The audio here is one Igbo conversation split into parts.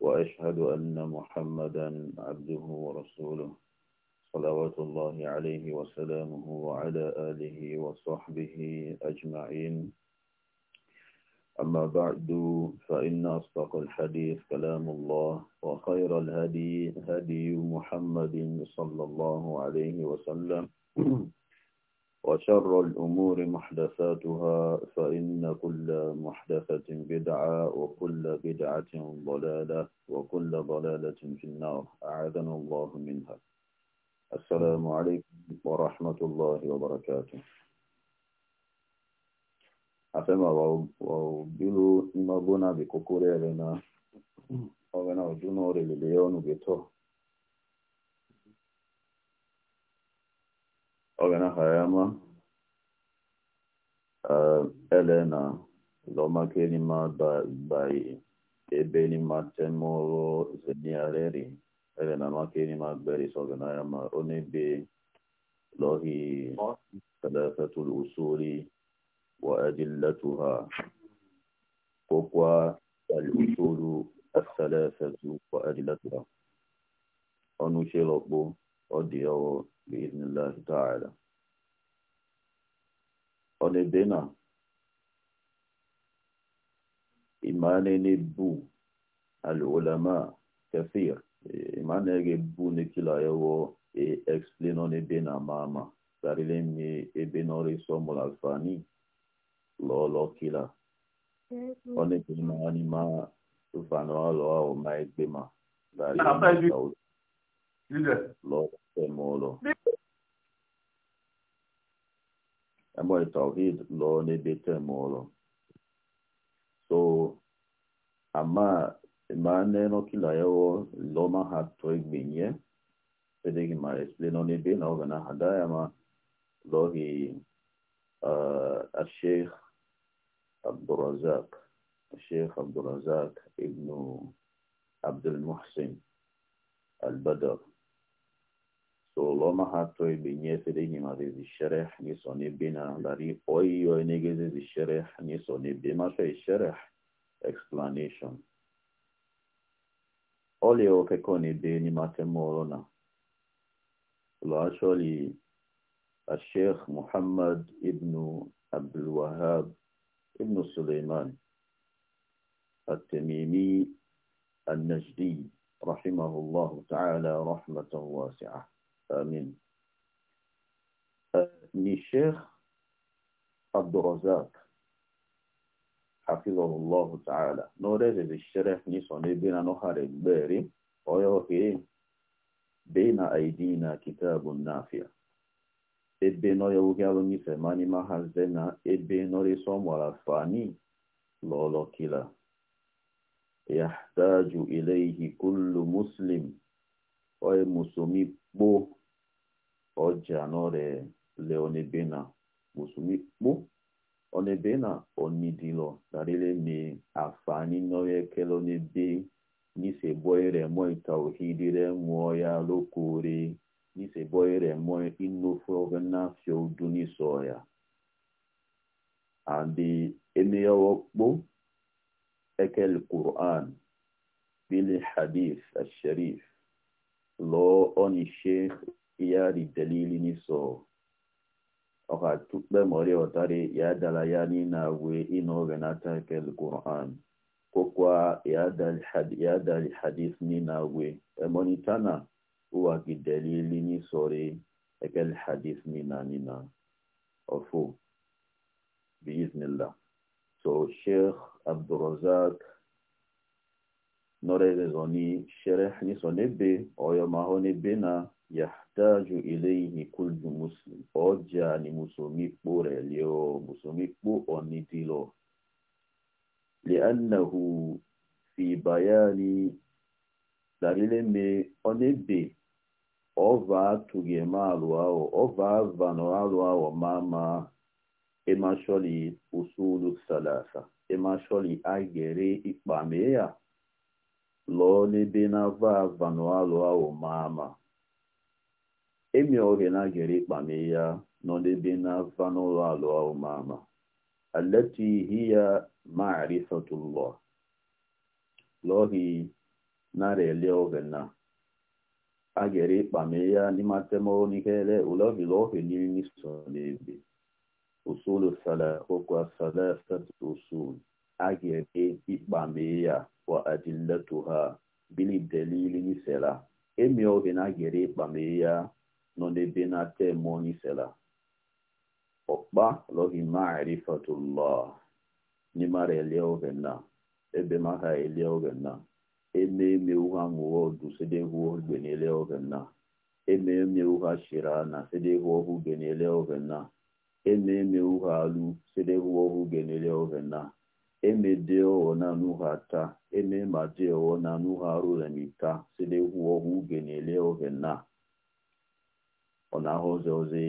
وأشهد أن محمدا عبده ورسوله صلوات الله عليه وسلامه وعلى آله وصحبه أجمعين أما بعد فإن أصدق الحديث كلام الله وخير الهدي هدي محمد صلى الله عليه وسلم وشر الأمور محدثاتها فإن كل محدثة بدعة وكل بدعة ضلالة وكل ضلالة في النار أعاذنا الله منها السلام عليكم ورحمة الله وبركاته أفهم وبيه إما بنا بكوكوري لنا وغنا وجنور لليون بيته ogana hayama elena loma kelima by ebenima temoro zeniareri elena makelima beris ogana yama onebe lohi ثلاثة الأصول وأدلتها وقوى الأصول الثلاثة وأدلتها أنو شلقو أديو بإذن الله تعالى ọnedena imanene bu alulama kafir imanege bu nekila ewo e explain ma mama sarile mi ebenori somol alfani lọlọ kila onedena ma tufanoa lọa oma egbema sarile mi lọ este emolo emo tawhid lo ne este modo. so ama mane no la yo lo loma ha to igbenye pede ki ma no explain on ebe na ogana hadaya ma lohi uh, al-Sheikh Abdurazak, الرزاق sheikh Abdurazak ibn Abdul Muhsin al-Badr. soloma hato ibinyese de nyima zishereh ni sone bina dari oyo enegeze zishereh ni sone bima sho ishereh explanation ole o ke koni be ni matemorona lo asholi الشيخ محمد ابن عبد الوهاب ابن سليمان التميمي النجدي رحمه الله تعالى رحمة واسعة آمين للشيخ عبد الرزاق حفظه الله تعالى نورز الشرح نيسون بين نهر الباري ويوكي بين أيدينا كتاب نافع ebe nọ ya oge alụ n'ife ma n'ime na ebe nọrịsị ọmụara fani lọlọ kila yahtaju ileihi kullu muslim oye musomi kpoo ọjà náà rẹ̀ lẹ onebe na mùsùlùmí kpó onebe na onídìlọ dàrílẹ̀ ní àǹfààní náà yẹ kẹlẹ́ onebe níṣẹ́bọ́ rẹ̀ mọ́ ìtàwọ̀hídì rẹ̀ mọ́ ya lóko rẹ̀ níṣẹ́bọ́ rẹ̀ mọ́ inúfẹ́ ọ̀gẹ́ náà fi ọdún ní sọ̀yà. àbí emeyawo kpó ẹkẹl qur'an bílẹ̀ hadith asherif lọ́ọ́ ọ́ni sheikh ya ridalili niso oka tukpe mori otari ya dalayani na we inovenata kel Qur'an kokwa ya dal ya dal hadith ni na we emonitana uwa kidalili ni sore ekel hadith ni na ni na ofu biiznillah so Sheikh Abdurrazak nore rezoni shereh ni sonebe oyo mahone bena ya yahtaju ilayhi kullu muslim ọjà ni mùsùlùmí pò rẹ̀ lé ọ mùsùlùmí pò ọ̀ní dìlọ. li'annahu fi bayani dalile me onebe ọva atụghị eme alụ ahụ ọva avanọ alụ ahụ mama emashọli usulu salasa emashọli agere ikpame ya lọọ n'ebe na-ava avanọ alụ ahụ mama emi oge na-agere ikpami ya n'ọdebe n'afa n'ụlọ ihe ya maara alati lụọ. ma'rifatullah lohi narele oge na agere ikpami ya n'imatemoro n'ikele ulohi lohi n'imi so n'ebe usulu sala okwa sala satu usul agere ikpami ya wa adillatuha bili delili nisela emi oge na-agere ikpami ya nọ n'ebe na-ata eme onye sela ọkpa lọghị marifatụlọ n'ịmara elie oge na ebe maka elie oge na eme eme ụha mụwa ọdụ sedehu ogbe n'elie oge na eme eme ụha shira na sedehu ọhụ uge n'elie oge na eme eme ụha alụ sedehu ọhụ uge n'elie oge na emede ọghọ na anụha taa eme ma dị ọghọ na anụha arụremita sedehu ọhụ uge n'elie oge na ọ na-ahụ ụzọ ozi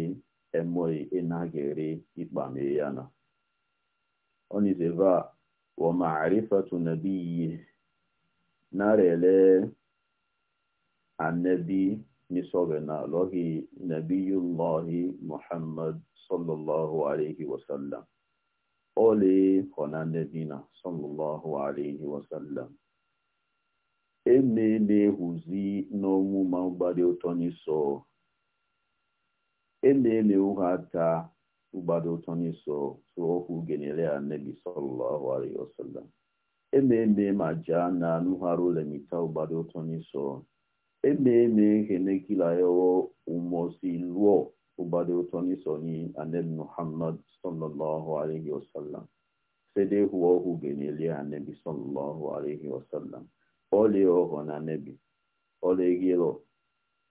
emoghị ịnaghị eri ikpa mee ya na onizeva ومعرفة نبيه ناريلي النبي نصبنا له نبي الله محمد صلى الله عليه وسلم ole kona nebina sallallahu alaihi wasallam eme e na-ehuzi n'ọnwụ ma mgbari ụtọ n'iso ụha ụhata ụgbado ụtọ n'iso sụọkwu genere ya nebi sallallahu alaihi wasallam ememe ma jaa na nuharu lemita ụgbado ụtọ n'iso ememe henekila yawo umosi luo ụgbado ụtọ n'iso ni anebi muhammad sallallahu alaihi wasallam sede huo ọhụ genere ya nebi sallallahu alaihi wasallam ole oho na nebi ole gilo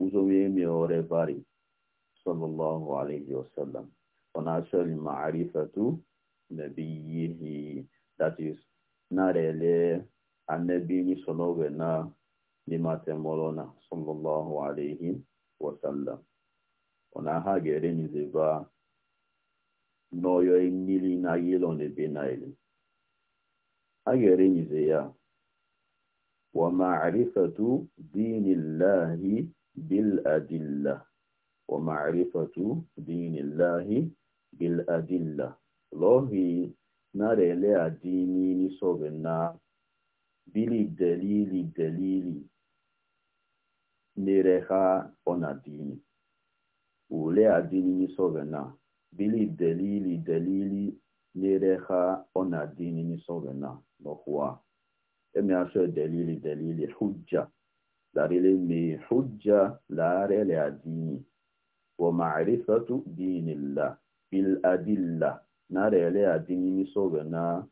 uzo eme ore bari sallallahu alayhi wa sallam. And actually, ma'arifatu nabiyihi, that is, narele anabini na limatemolona sallallahu alayhi wa sallam. And aha gere nizeba n'oyo emili na yilo nebe na ili. Ha gere nize ya, wa ma'arifatu dinillahi bil adillah. ومعرفة دين الله بالأدلة لوهي نار إلى ديني نصبنا بالدليل دليل نرها أنا ديني ولي ديني نصبنا بالدليل دليل نرها أنا ديني نصبنا نخوا أمي أشهر دليل دليل حجة لاريلي مي حجة لاريلي ديني ومعرفة دين الله بالأدلة نرى دين سوغنا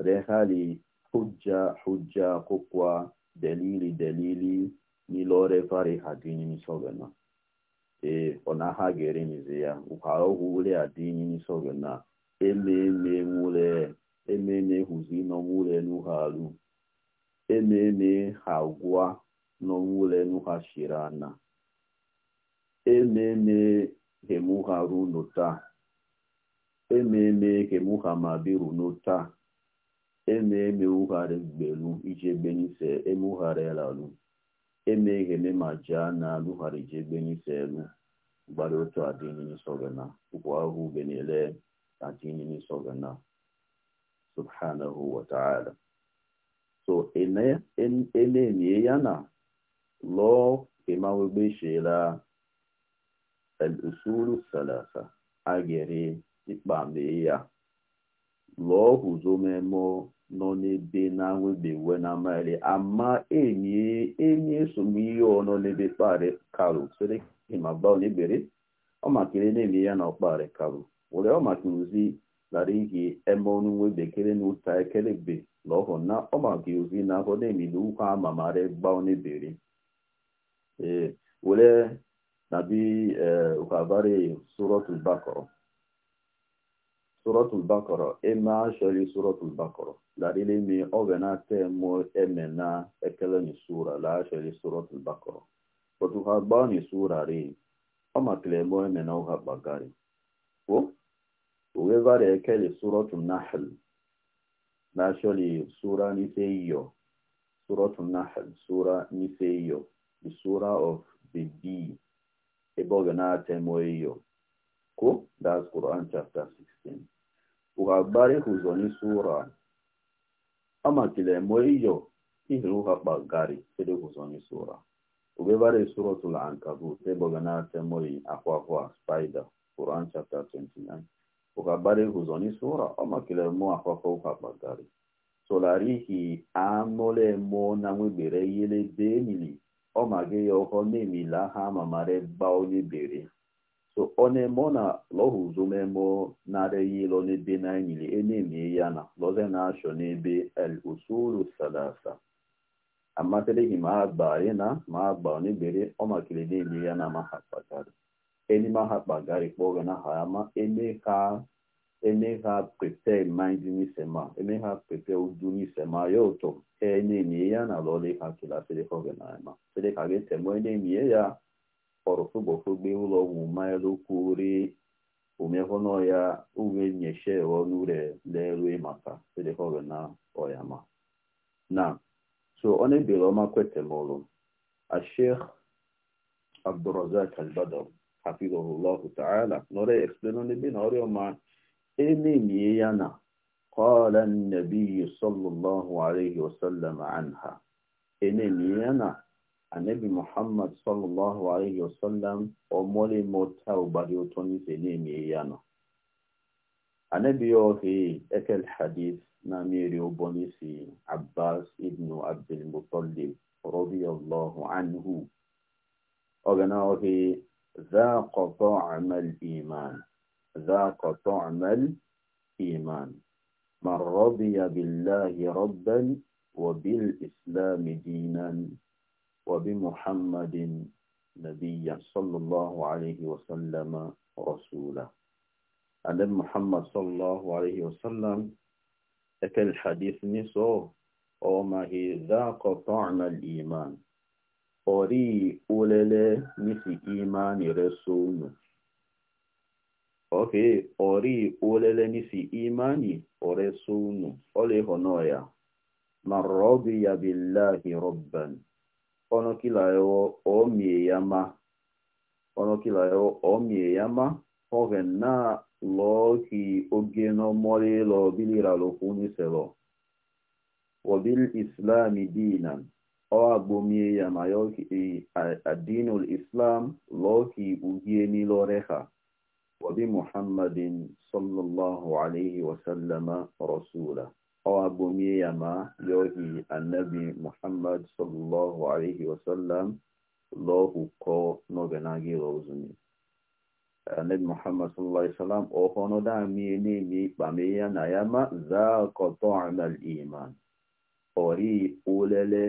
رهالي حجة حجة قوة دليل دليل نلوري فريحة دين سوغنا ee ọ na-aghagere n'ize ya ụhara ọgwụwere adị n'isorọ na ememe nwụre ememe huzi n'ọnwụre n'uharu ememe hagwa ememe hemuharuno taa ememe hemuhamabiruno taa ememe ughara gbelu ijegbenise emugharelalu emegheme ma jaa na alụghara ijegbenise elu gbara otu adịnisogana ụkwụ ahụ benele adịnisogana subhanahu wa ta'ala so ene ya na lọọ emawegbe shela usulu salasa agere ikpambe ya lụọ hụzomemo nọ n'ebe na-awebe uwe na maịlị ama enyi enyi esomihe nọ n'ebe kpari karụ ịma gba ba n'ebere ọ makere na-eme ya na ọkpari karụ were ọ maka ozi ihe eme ọnụ na ụta na ee nabi eh, ukabari suratul bakoro suratul bakoro ema sholi suratul bakoro larili mi ogena te mo e na ekele ni sura la sholi suratul bakoro botu haba ni sura ri ama kile mo emena uha bagari o uwevari ekele suratul nahl la sholi sura ni seiyo suratul nahl sura ni seiyo the sura of the bee ebogana temo hiyo ko that's Quran chapter 16 uhabari huzoni sura ama kilemo hiyo ihiruha bagari sede huzoni sura ubebare suratul ankabut ebogana temo hi akwakwa spider Quran chapter 29 uhabari huzoni sura ama kilemo akwakwa uhabagari solarihi amole mo na mwibere yele denili ọma gị ya ọhọ na-emila ha mamara gba onye bere so ọ na-eme ọ na lọhụzụ memo narịghị ilo n'ebe na enyili enemie ya na lọze na-achọ n'ebe el usuru salasa amatịrịghị ma a gbarị na ma a gba onye bere ọ makiri na-emie ya na ma ha kpagharị enyi ma ha kpagharị kpọọ na ha ama eme ha eme oh, ha prepare mind n'isema eme ha udu ya ụtọ enye ya na lọle ha kila seleka enye ya ọrụfụgbọfụgbe ụlọọgwụ maelụkwuri omehụnọ ya uwe nyeshe ọnụre lerue maka seleka ogena na so ọ na-ebere ọma kwetemolụ ashekh abdurazak albadar hafizahullahu ta'ala nọrọ explain ọ na na ememie ya na qala annabiyu sallallahu alaihi wasallam anha ememie ya na anabi muhammad sallallahu alaihi wasallam omole mota ubari otoni se ememie ya na anabi ohi ekel hadith na miri obonisi abbas ibnu abdul muttalib radiyallahu anhu ogana ohi ذاق طعم الإيمان ذاق طعم الإيمان من رضي بالله ربا وبالإسلام دينا وبمحمد نبيا صلى الله عليه وسلم رسولا عن محمد صلى الله عليه وسلم أكل الحديث نسو ما هي ذاق طعم الإيمان أري أولي نسي إيمان رسول okay ori olele nisi imani ore sunu ole honoya marrobi ya billahi robban ono kila yo omie yama ono kila yo omie yama ove na loki ogeno mori lo bilira lo kuni selo wabil islami dinan o agbomie yama yo eh, adinul islam loki ugieni loreha وبمحمد صلى الله عليه وسلم رسوله ابو يما يوهي النبي محمد صلى الله عليه وسلم الله كو نوغناغي روزني النبي محمد صلى الله عليه وسلم او أوهونو دا ميني مي باميا نايما ذاك طعم الإيمان أوري أولele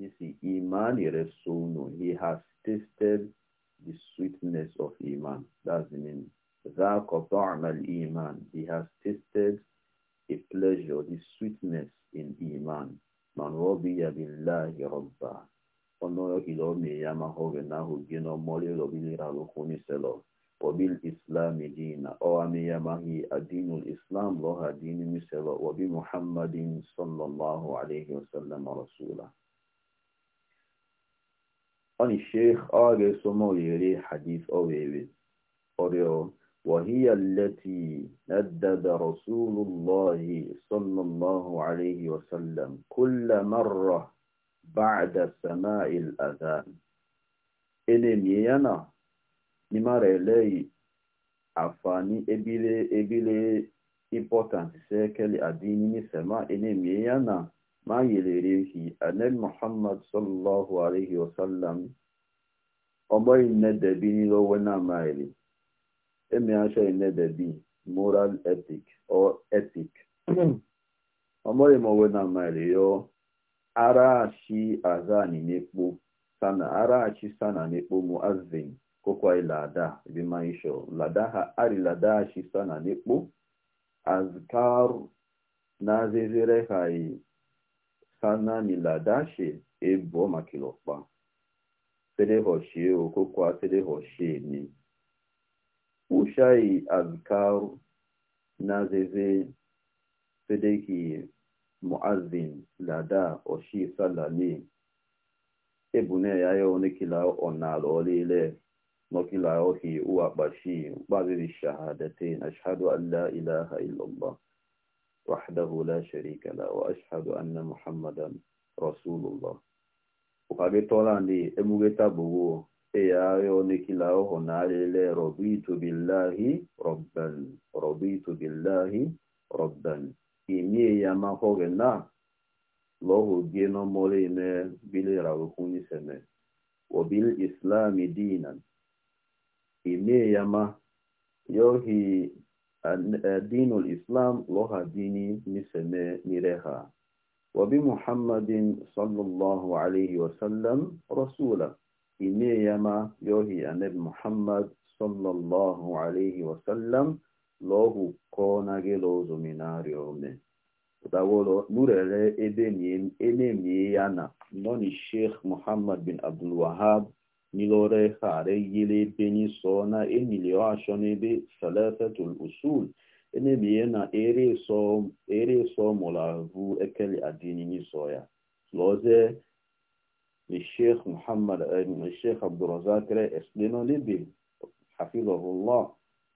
نسي إيمان يرسونو هي has tasted the sweetness of Iman that's the meaning ذَاقَ طَعْمَ Iman, He has tasted a pleasure, the sweetness in Iman. Man Islam dìínà, ọ̀wá mi ya Islam lọ́ha dínú ní sẹ́lọ̀. Muhammadin sallallahu alaihi wasallam rasulah. Ọ̀nì Sheikh ọ̀rẹ́ sọmọ hadith ọ̀wẹ̀rẹ̀ وهي التي ندد رسول الله صلى الله عليه وسلم كل مرة بعد سماع الأذان إلمينا نمار إلي أفاني إبلي إبلي importance c'est qu'elle a dit ni sema ene miyana ma yelerehi anel muhammad sallallahu alayhi wa sallam obo inne debini lo wena maili emeasha inedebi moral ethic or ethic ọmọrị ma onwe na mari yo arachi azani n'ekpo sana arachi sana n'ekpo muazin kokwa ilada bimaisho ladaha ari ladachi sana n'ekpo azkar na zezere hai sana ni ladashi ebo makilokpa tele hoshie okokwa tele hoshie ni ushai azkaru na zeze sedeki muazin lada oshi salani ebune yayo nikila onalo olile nokila ohi uabashi babiri shahadatin ashhadu an la ilaha illallah وحده لا شريك له وأشهد أن محمدا رسول الله وقابل طولان دي أمو eyayonikilao honalele raditu billahi rabban raditu billahi rabban imie yamahoge na lohugie nomole ime bilirawehuniseme وبالإسلام دينا إمي يما يوهي دين الإسلام لها ديني نسمى نريها وبمحمد صلى الله عليه وسلم رسولا إني يما يوهي أنب محمد صلى الله عليه وسلم لوه كونا جلوز من أريوم دعولو نورل إبنين إنم يانا نوني الشيخ محمد بن عبد الوهاب نلوري خاري يلي بني صونا إني ليو عشان بي ثلاثة الأصول إنم يانا إري صوم إري صوم ولا هو أكل أديني صويا لوزه للشيخ محمد الشيخ عبد الرزاق اسلينو ليبي حفظه الله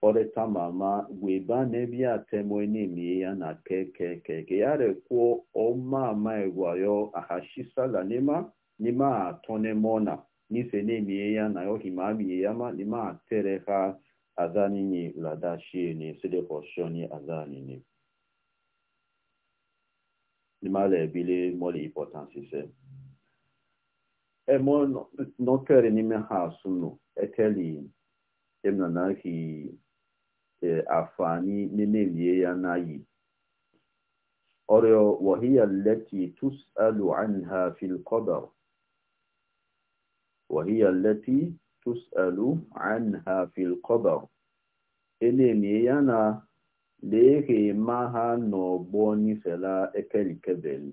ore tamama gweba nebi atemo enemi ya na kekekeke yare kwuo ọmama egwayo ahashisala nima nima atone mona nife nemi ya na yohimami yama nima atere ha adhanini ladashieni sidekoshoni adhanini nima lebili moli importance se emo no kere n'ime ha asụnụ ekeli emnanaghị afani nenelie ya n'ayi ọrịa وهي التي تسأل عنها في القبر وهي التي تسأل عنها في القبر enelie ya na lehe ma ha n'ọgbọ n'ifela ekelikebeli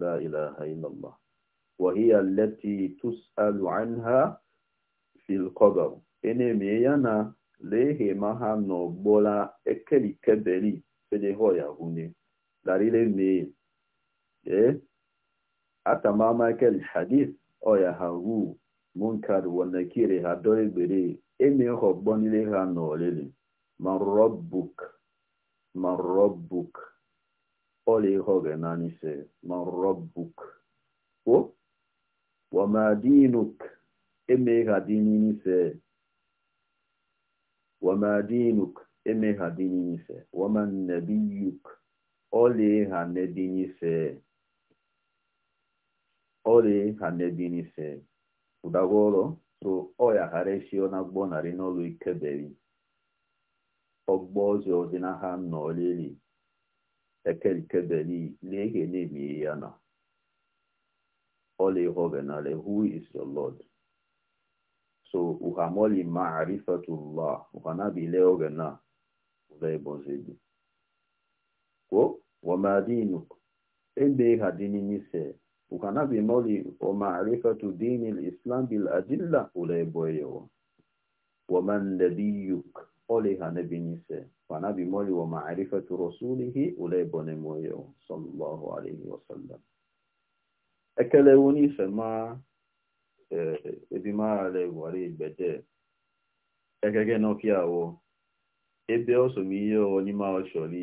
la ilaha illallah وهي التي تسأل عنها في القبر إن ميانا ليه مها نوبولا أكلي كبري فده هو يهوني دليل مي إيه أتمام أكل حديث أو يهو منكر ونكير هدول بري إمي خبوني لها نولي من ربك من ربك أولي هو نانيسي من ربك أو wama dinuk emegha dininise wama dinuk emegha dininise wama nabiyuk olegha nedinise olegha nedinise udagoro so oyagharịsị na gbọnarị n'ụlọ ikeberi ọgbọ ọzọ dị na ha nọ leli ekelikebeli na ihe na-emeghe ya na who is your Lord? So uhamoli ma'rifatullah uhanabi leo gana ulebozidi. Ko wamadinu ebe hadini nise uhanabi moli o ma'rifatu dinil islam bil adilla uleboyewo. ومن نبيك أوليها نبي نساء ونبي مولي ومعرفة رسوله أولي بني صلى الله عليه وسلم ekelewo n'ife ma eh, ebimaghala gwara igbede ekege n'ọkịawo ebe ọsọm ihe onyeime ọchọrọ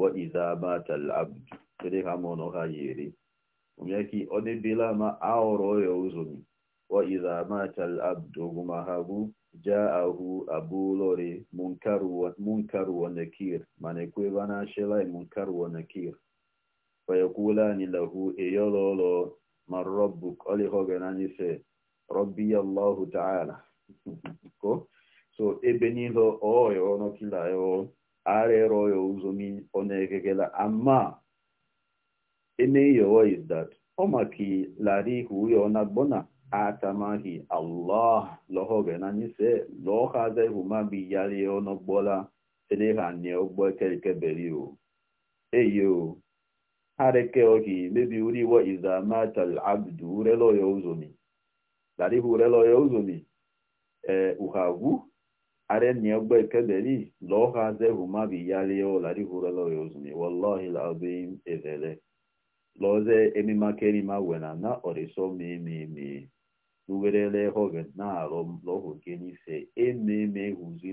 wa iza batal abd kede ha mụọ na ọha yeri omyaki ọdebela ma aghọrọ ya ụzọmi wa iza batal abd ogumahabu jaahu abulori munkaru wa nakir mana ekweba na shela e munkaru wa nakir فيقولان له إيولولو من ربك ألي هوغناني سي ربي الله تعالى so ebe niile ọyọ ọnọkila yo arịrị ọyọ uzomi ọ na-ekekela ama is that ọmaki lari huyo na gbona atamahi allah na nise lọhaze huma bi hareke ogi mebi uriwo iza mata alabdu uzomi darihu ureloyo uzomi e, uhagu are ni ogbe kebeli loha zehuma bi yaleo darihu uzomi wallahi ụlọ ezele loze emimakeri ma mimimi uwerele hoge lohu ememe huzi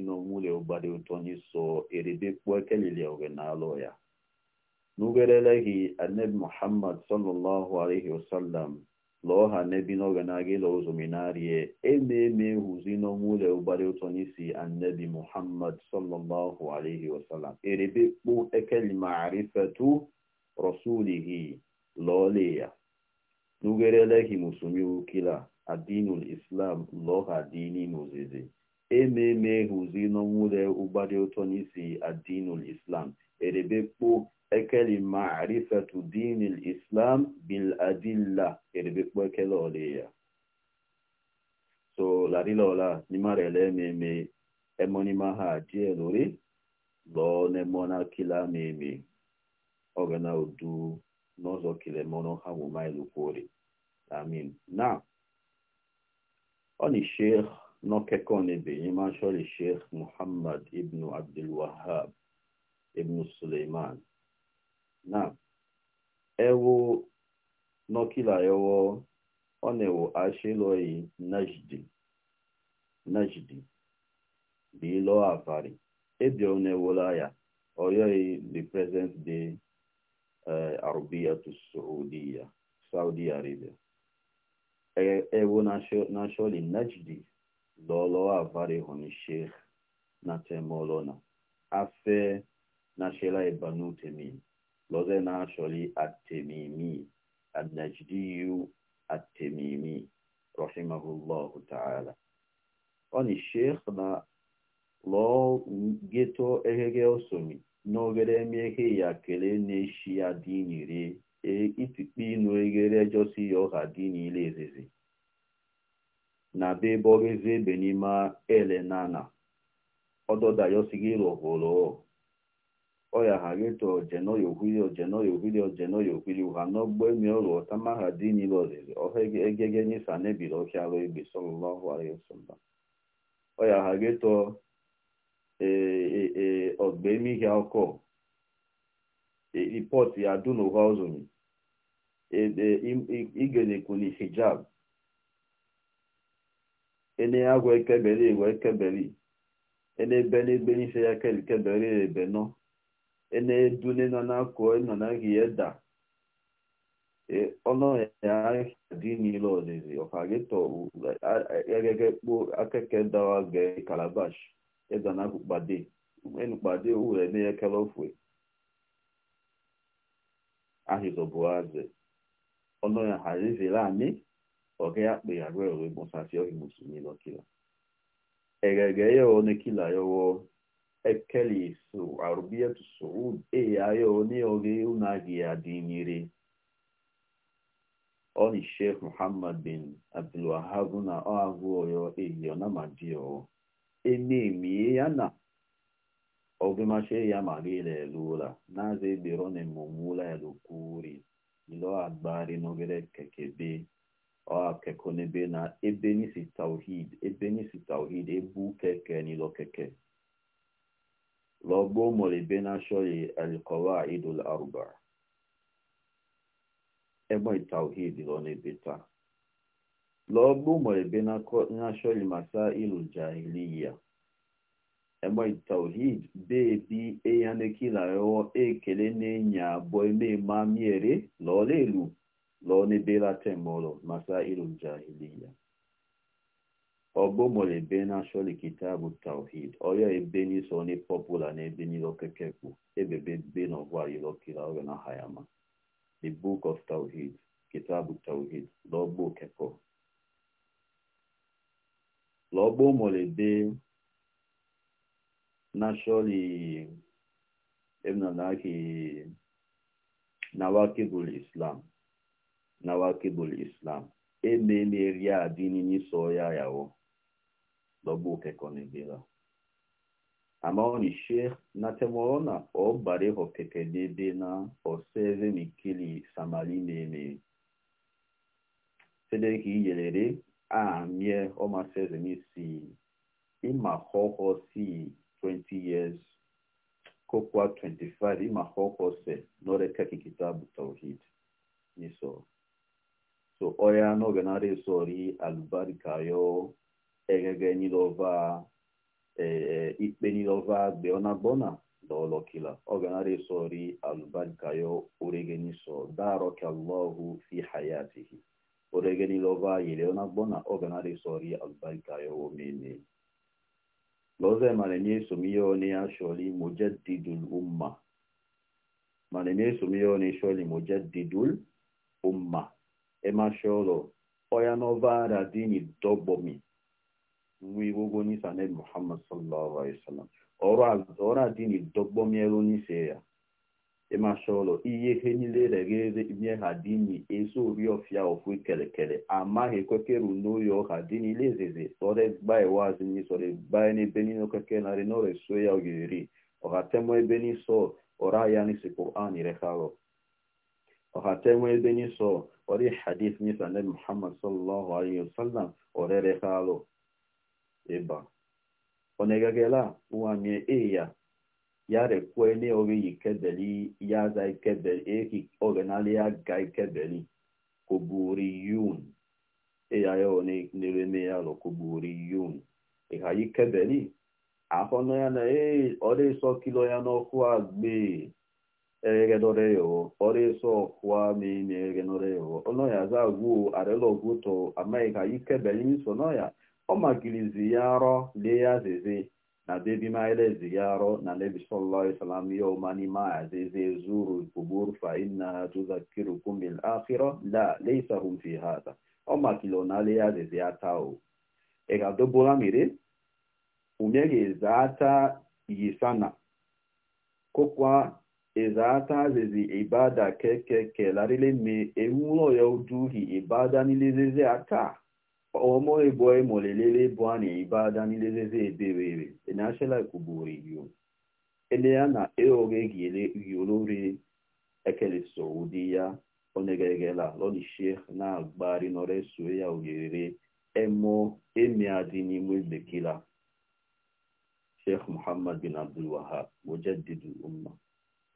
oge ya نوغالا له النبي محمد صلى الله عليه وسلم لوها نبي نوغاناجي لو زميناري امي مي هوزي نومو لو باريو تونيسي النبي محمد صلى الله عليه وسلم اريبي بو اكل معرفة رسوله لوليا نقول له مسلمي كلا الدين الإسلام لوها ديني نوزيزي امي مي هوزي نومو لو باريو تونيسي الدين الإسلام اريبي بو ekeli ma'rifatu dinil islam bil adilla erebekpo ekele ole ya so larila ola nimara ele ememe emonima ha aji elori lọọ n'emona kila meme ogana odu n'ụzọ kilemono ha wuma elukwori amin na oni sheikh nọkekọ n'ebenye mashọli sheikh muhammad ibnu abdulwahab ibnu suleiman na ewu n'okila ewo ọ na-ewo ashiloyi najdi najdi bilo afari ebio na-ewola ya oyoyi the present day uh, eh, to saudiya saudi arabia e, ewu nasholi najdi lọlọ afari honi sheikh na temolona afe na ibanu e temin لوزن عشري التميمي النجدي التميمي رحمه na تعالى أن الشيخنا لو جيتو إهجي أسومي n'ogere mmehie ya kelee na-eshi ya dị nire itikpe ịnụ eghere ejosi ya ọha dị n'ile ezizi na be ebe eze ebe elenana oya hageto jeno yohuri ojeno yohuri ojeno yohuri ọrụ ọtamaha di nile oriri egege nyisa nebiri ọhịa arụ egbe sọlọlọhụ alaihiwasallam oya hageto ọgba e, e, e, emihia ọkọ ripọt ya dunuha ọzụmi igenekwuni hijab ene agwa ekebeli ewe ekebeli ene ebe n'egbe n'ife ya ebe nọ ena-edule nọ n'akụ nọ n'ahị ọnụ e, ya dị kpo ge kalabash e na akụkpade enukpade ure na-enye kele ofue ahịzọbụaze ọnụ ya harizila anyị ọga ya kpe ya rụọ ere gbọsasị ọhị musulmi lọkila egege ọ nekila ekeli su arubiyatu suud e ayo ni oge unagi adinire oni sheikh muhammad bin abdul wahab e e e na oagu oyo eyo na madio enemi yana ogimashe ya magile lula naze birone mumula elukuri ilo agbari nogere kekebe oakekonebe na ebenisi tauhid ebenisi tauhid ebu keke nilo keke lọgbọ molibena shori alikowa idul aruba ẹgbọn ìtawhid lọnà ìbẹta lọgbọ molibena shori masa ilu jahiliya ẹgbọn ìtawhid beebi eyanekila ẹwọ ekele n'enya abọ ememe amiere lọlelu lọnà ìbẹla tẹmọlọ masa ilu ọgbọmọrọ ebe na-achọli bụ tawhid ọya ebe n'iso onye popular na ebe n'ilokeke kwu ebebe be na ọgwara ilokila ọrịa na hayama the book of tawhid bụ tawhid lọgbọ kekọ lọgbọ mọrọ ebe na-achọli ebnanaki nawakibul islam nawakibul islam ememeria adini n'iso ya yawo lọgbụ kekọnebela amaoni sheikh natemorona ọgbara hokeke n'ebe na oseve mikili samali na-eme sederiki iyelere ị ọmasezemisi ịmahọhọ si 20 years kokwa 25 ịmahọhọ se norekeki kitabu tawhid niso so oya n'oge na resori albarka yo erege nilova ikpe nilova gbeona gbona lọlọkila ọganara sori alubarikayo oregeni so darokallahu fi hayatihi oregeni lova yeleona gbona ọganara sori alubarikayo omene lọzẹ malemi esomiyo ni asọli mojedidul umma malemi esomiyo ni sọli mojedidul umma ẹ ma sọlọ ọyanova radini dọgbọmi nwigogo n'isi anel muhammad sallallahu alaihi wasallam ọrụ adịni dọgbọmierụ n'ise ya ịmashọlọ e ihe ihe niile regere nye ha dị dịni eso oriọfịa ofu kelekele amaghị ekwekeru n'oyi ọha dịni ile ezeze sọregba iwazi ni sọregba e n'ebe e niile okeke narị n'ọreso ya ogiri ọhatemụ ebe n'isọ ọra ya n'isi quran reharọ ọhatemụ ebe n'isọ ọrị hadith n'isi anel muhammad sallallahu alaihi wasallam ọrere ha alụ ịba ọ na-egagela wamie eya ya rekwene ogeyikebeli yaza ikebeli eki ogenali ya ga ikebeli koburi yun eya ya ọ na-ereme ya lọ koburi yun afọ ikebeli na ya eh, na ọrịsọ kilo ya n'ọkụ agbe egedoreyo oreso kwa mi mi egedoreyo onoya za arelo ikebeli ọ magilizi ya arọ lee ya zeze na bebimaelezi ya arọ na nebi sallam ya umanima azeze zuru kubur fa innaha tudhakirukum bil la leisa hum fi hadha ọ makilo na lee ya zeze ata o ị e ga mere umye ga-eze ata yisana kokwa ezata zezi ibada keke kelarile me ewulo ya uduhi ibada nilizeze ata omo ebo emolelele bụ a na-ebe ada nilezeze eberere enashela kwuburu iwu ele ya na eoge giele yolore ekele saudi ya onegegela loni sheikh na agbari nore sue ya oyerere emo emiadi n'ime bekila sheikh muhammad bin abdul wahab mujaddidu umma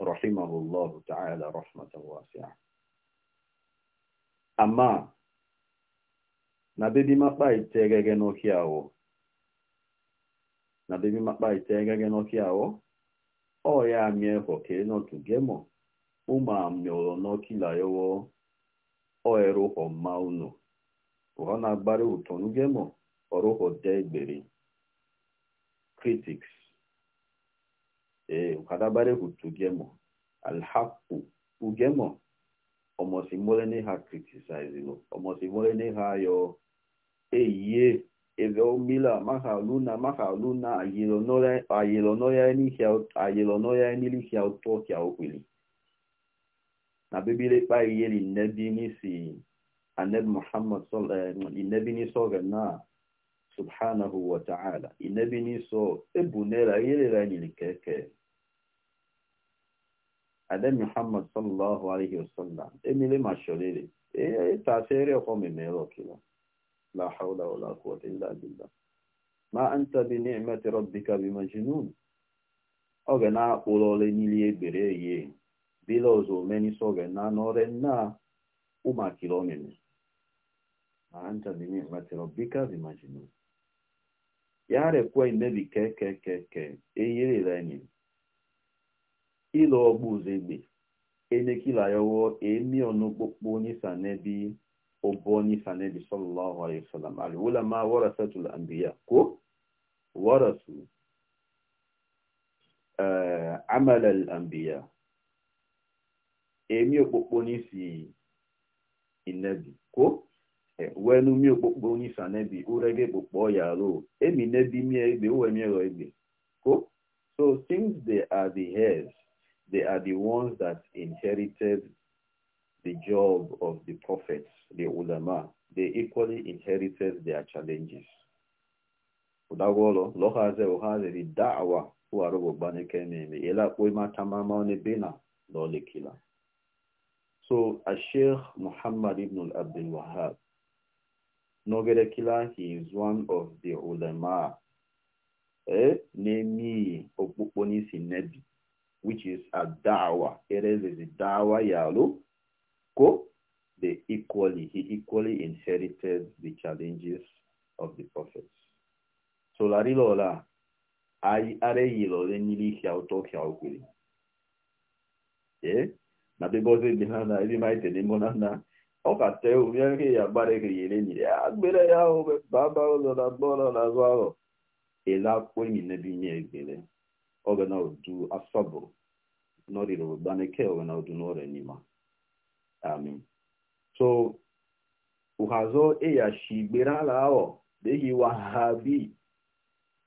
rahimahullahu ta'ala rahmatan wasi'a amma na bebimakpa itegege n'oke awọ na bebimakpa itegege n'oke awọ ọ ya mie hoke n'otu gemo ụmụ amịọrọ n'okila yowo oeruho mma unu ụha na-agbari ụtọnu gemo ọrụho de egbere critics ee ukadagbari ụtu gemo alhapu ugemo ọmọsí mọ́lẹ́ ní ha criticizing ọmọsí mọ́lẹ́ ní ha yọ eye eve omila mahaluna mahaluna ayelonoya enilihia ụtọ kia okwili na bibili kpa ihe linebi n'isi aneb muhammad eh, inebi n'iso gana subhanahu wa ta'ala inebi n'iso ebunela iyelela nyiri keke adeb muhammad sallallahu alaihi wasallam emile masholele ee ta fere ọkọ mmemme ọkịla لا حول ولا قوة إلا بالله ما أنت بنعمة ربك بمجنون oge na-akpụrụ ole niile egbere ye bila ọzọ omenisi oge na nore na ụmakiri omimi ma anta bi ni'mati rabbika bi majnun ya rekwe imebi kekekeke eyereleni ile ọgbụ uzegbe enekila ya wụọ emi ọnụkpụkpụ onye sa n'ebe oboni fanebi sallallahu alayhi wa sallam alulama warasatul anbiya ko warasu eh, amal al anbiya èmi òpópó ní sí ìnẹbi ko eh, wẹnu mi òpópó ní sànẹbi úrẹgẹ òpópó yàrá o èmi nẹbi mi ẹgbẹ ó ẹmi ẹrọ ẹgbẹ ko so since they are the heirs they are the ones that inherited the job of the prophets, the ulama, they equally inherited their challenges. Udagolo, da'wa So a Sheikh Muhammad ibn al-Abdul Wahab, Nogerekila, he is one of the ulama, eh, which is a da'wa. It is a da'wa yalo, ko they equally, he equally inherited the challenges of the prophets. So larilola, ai are yilole nili hiauto hiaukwili. Eh? Na beboze bilana, ibi na limonana, ọ ka tee uri nke ya gbara eghere nyere ya agbere ya obe baba ụlọ na bọọlụ na-azụ ahụ ele akpụ enyi n'ebe inye ọ oge na udu asọbụ n'ọrịrị ọ oge na udu n'ọrịa n'ima Amin. So, uhazo eya shibirala o, dehi wahabi,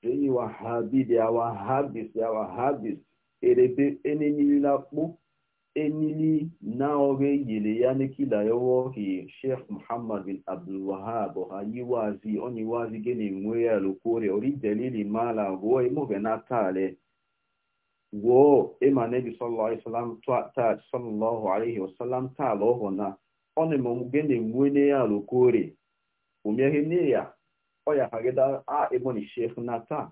dehi wahabi, they are wahabis, they are wahabis. Erebe enenili lakbu, enili naore yele yaneki la yowo ki Sheikh Muhammad bin Abdul Wahab, oha yiwazi, onyiwazi gene mwe ya lukore, ori delili mala, huwe imu venatale, wo ema nebi sallallahu alaihi wasallam ta sallallahu alaihi wasallam ta loho na one na gende mwene ya lokore umehe ne ya oya hageda a eboni sheikh nata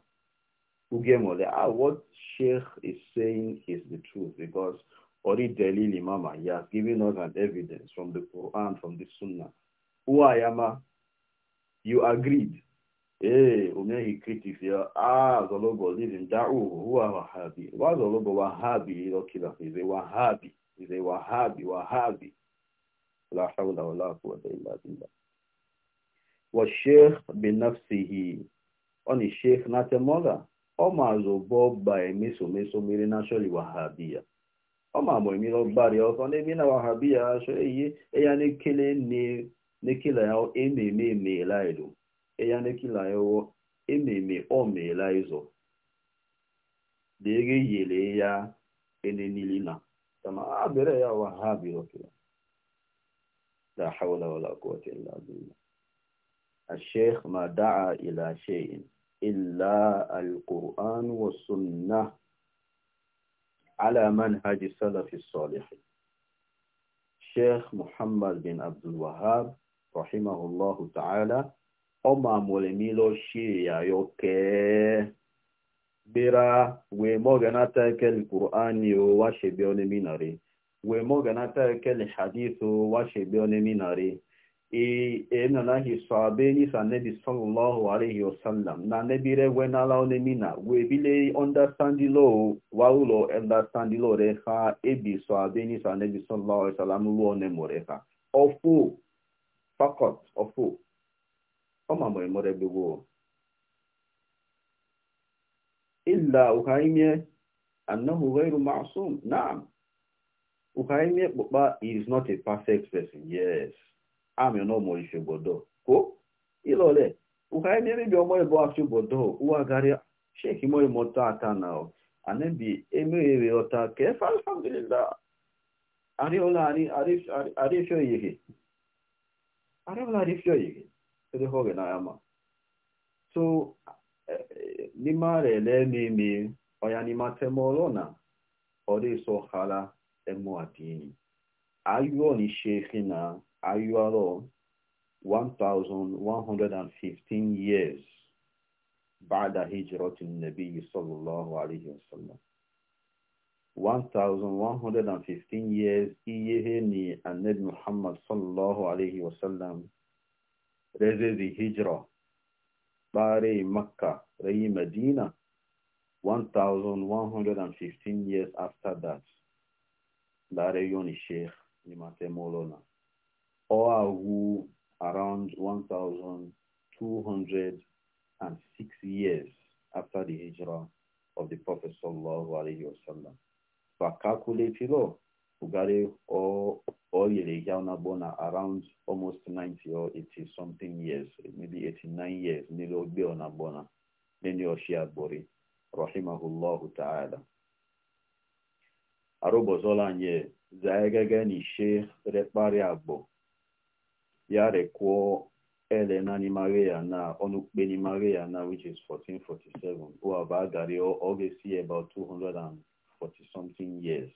ugemo le ah what sheikh is saying is the truth because ori delil imama ya has given us an evidence from the quran from the sunnah uayama ah? you agreed ee umeghị kritifia azolobo living da'uhu huwa wahabi wazolobo wahabi ilokila ize wahabi ize wahabi wahabi la hawla wala quwwata illa billah wa sheikh bi nafsihi oni sheikh natemoga ọ ma zobo ba emesomeso mere nashọli ya. ọ ma mụ emere ọgbarị ọsọ n'ebe na wahabia achọ eyi ya na-ekele ya ememe emeela ilu eyane eyanekilayowo ememe ọ meela ịzọ dege yele ya enenilina kama abere ya wahabi ha birokira la hawla wala quwwata illa billah الشيخ ما دعا إلى شيء إلا القرآن والسنة على منهج السلف الصالح الشيخ محمد بن عبد الوهاب رحمه الله تعالى ọma molemilo shi ya yoke bera we mogana tekel qur'ani o washe bione minare we mogana tekel hadith o washe bione minare e ena na hi sabe ni sa nabi sallallahu alaihi wasallam na nabi re we na la one mina we bile understand lo wa ulo understand lo re ha e bi sabe ni sa nabi sallallahu alaihi wasallam lo ne more ha ofu fakot ofu ọmamụrịmụrịgbegwo illa ukaimie annahu ghairu ma'sum na'am ukaimie kpụkpa is not a perfect person yes ami no ife bodo ko ilole ukaimie mebi ọmọ ibo afi ụwa gari sheikh mo taa taa na anabi emere ọta kefa alhamdulillah ariola ari ihe. sede so nima re mi mi oya ni matemolo na ode so hala emu 1115 years بعد هجرة النبي صلى الله عليه وسلم 1115 years iyehe ni annabi Muhammad sallallahu alaihi wasallam rezezi hijra bare Makkah, rei Medina, 1115 years after that. Bare yoni sheikh nimate molona. Oahu around 1206 years after the hijra of the Prophet sallallahu alaihi wasallam. Bakakule filo ugare o or Yerejaunabona around almost 90 or 80 something years, maybe 89 years, Nilo Beonabona, Neni Oshiabori, Rahimahullahu Ta'ala. Arobozola nye, Zaegege ni Sheikh Repari Agbo, ya Kwo Ele na Nani Maria na, Onukbeni Maria na, which is 1447, who have Agari, obviously about 240 something years.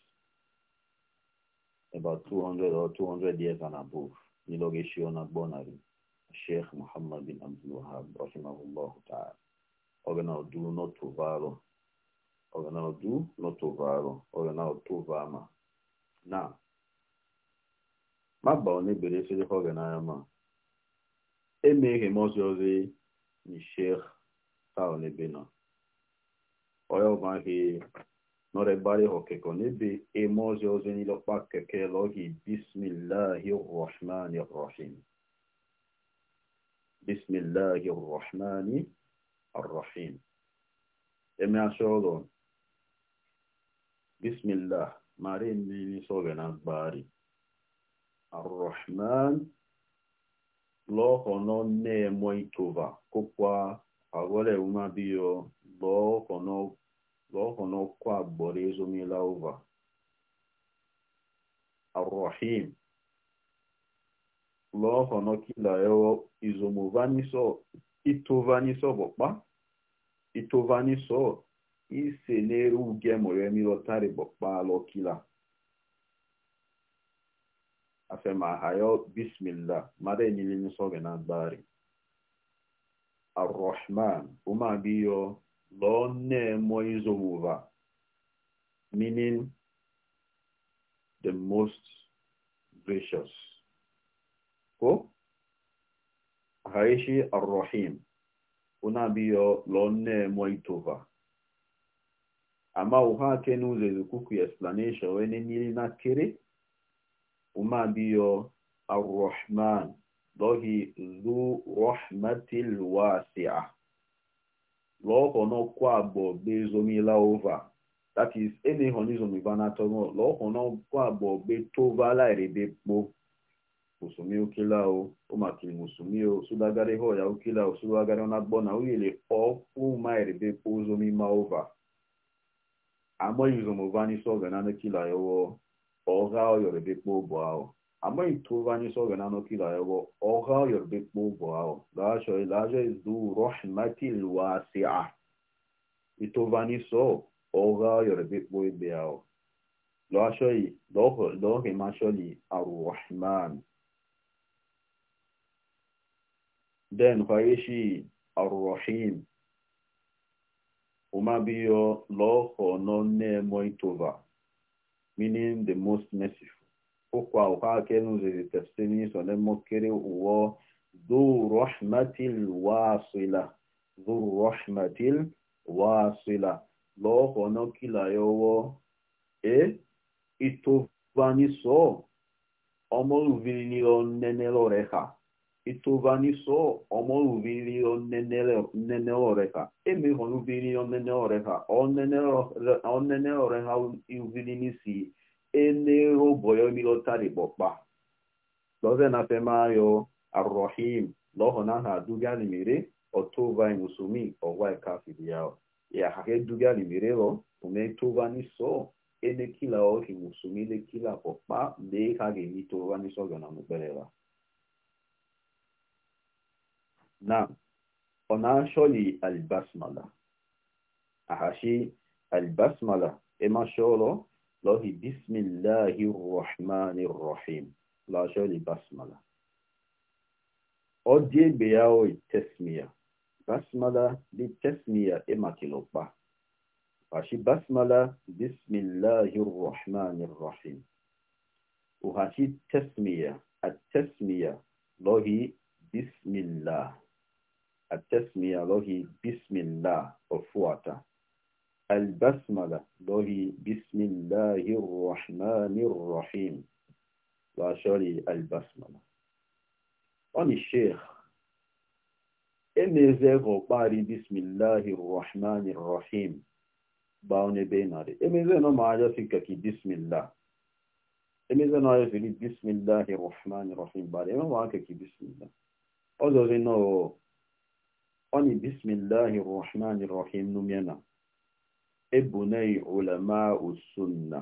about 200 or 200 years and above nilogeshi onagbonari sheikh muhammad bin abdul wahab rahimahullah ta'ala ogenaudu notovaro ogenaudu notovaro ogenautovama na maba onebere sịrịka ogenaya ma emeghe m ọzọ ozi ni sheikh ta onebena onye ọbụla norebare hokeko nebe emoze ozenilokpa kekelogi bismillahirrahmanirrahim bismillahirrahmanirrahim eme asolo bismillah mari nini sogena gbari arrahman lọ́kọ̀ọ́nà nẹ́ẹ̀mọ́ ìtòvà kópa àgọ́lẹ̀ ìwúmábíyọ lọ́kọ̀ọ́nà lọhụ n'ọkwa agbọrọ ezomila ụva arrohim lọhụ n'ọkila ewo izomuvaniso itovaniso bọkpa itovaniso ise n'eru uge moyemilotari bọkpa lọkila afemahayo bismillah mara enyili nsọ gị na mgbari arrohman umabiyo Moizova, meaning the most gracious. Ko? Haishi Ar-Rahim. Unabiyo Lone Moitova. Ama uha kenu zezukuku explanation wene nili na kiri. Umabiyo Ar-Rahman. Lohi Zu Rahmatil Wasi'ah. lọọhọ n'ọkụ agbọ gbe zomila ova that is enehọ n'izomiba n'atọmọ lọọhọ n'ọkụ agbọ gbe tovala erebe kpo musumi okila o ụmakiri musumi o sudagari họ ya okila o sudagari na-agbọ na oyele ọkpụma erebe kpo zomima ova amọ izomova n'isi ọga ọha nekila ya kpo bụ ahụ ama ituvaniso ganano kilayogo oga yorbe kpobao lasho ilajo izu rahmati lwasia ituvaniso oga yorbe kpobeao lashoi dohe masholi arrahman then kwayeshi arrahim umabiyo loho no nemo itova meaning the most merciful ukwa ukakenu zili tafsiri sole mokiri uwo dhu rahmatil wasila dhu rahmatil wasila lọ́ọ̀kọ̀ náà kìlà yọwọ́ e ìtòvanisọ́ ọmọlùvìrì ni lọ nẹ́nẹ́ lọ rẹ̀ kà ìtòvanisọ́ ọmọlùvìrì ni lọ nẹ́nẹ́ lọ rẹ̀ kà èmi ìhọ̀lùvìrì ni lọ nẹ́nẹ́ lọ rẹ̀ kà ọ̀nẹ́nẹ́ lọ rẹ̀ kà ìvìrì ni sì enero boyo militari bọkpa lọze na arrohim na ha dugani mere otova e musumi ọwa e ya e ha dugani mere lọ ume tova ni so ene kila oki musumi le kila na ọ na-achọli albasmala ahashi albasmala ema shọrọ الله بسم الله الرحمن الرحيم لا شغل بسم الله أدي بياو التسمية بسم الله للتسمية إما تلوبا فاشي بسم الله بسم الله الرحمن الرحيم وهاشي التسمية التسمية الله بسم الله التسمية الله بسم الله أفواته البسملة دوهي بسم الله الرحمن الرحيم لا شري البسملة أني الشيخ إن زيغو باري بسم الله الرحمن الرحيم باوني بيناري إن زيغو ما عجسكك بسم الله إن زيغو عجسكك بسم الله الرحمن الرحيم باري ما عجسكك بسم الله أزوزينو أني بسم الله الرحمن الرحيم نمينا ebunei ulama usunna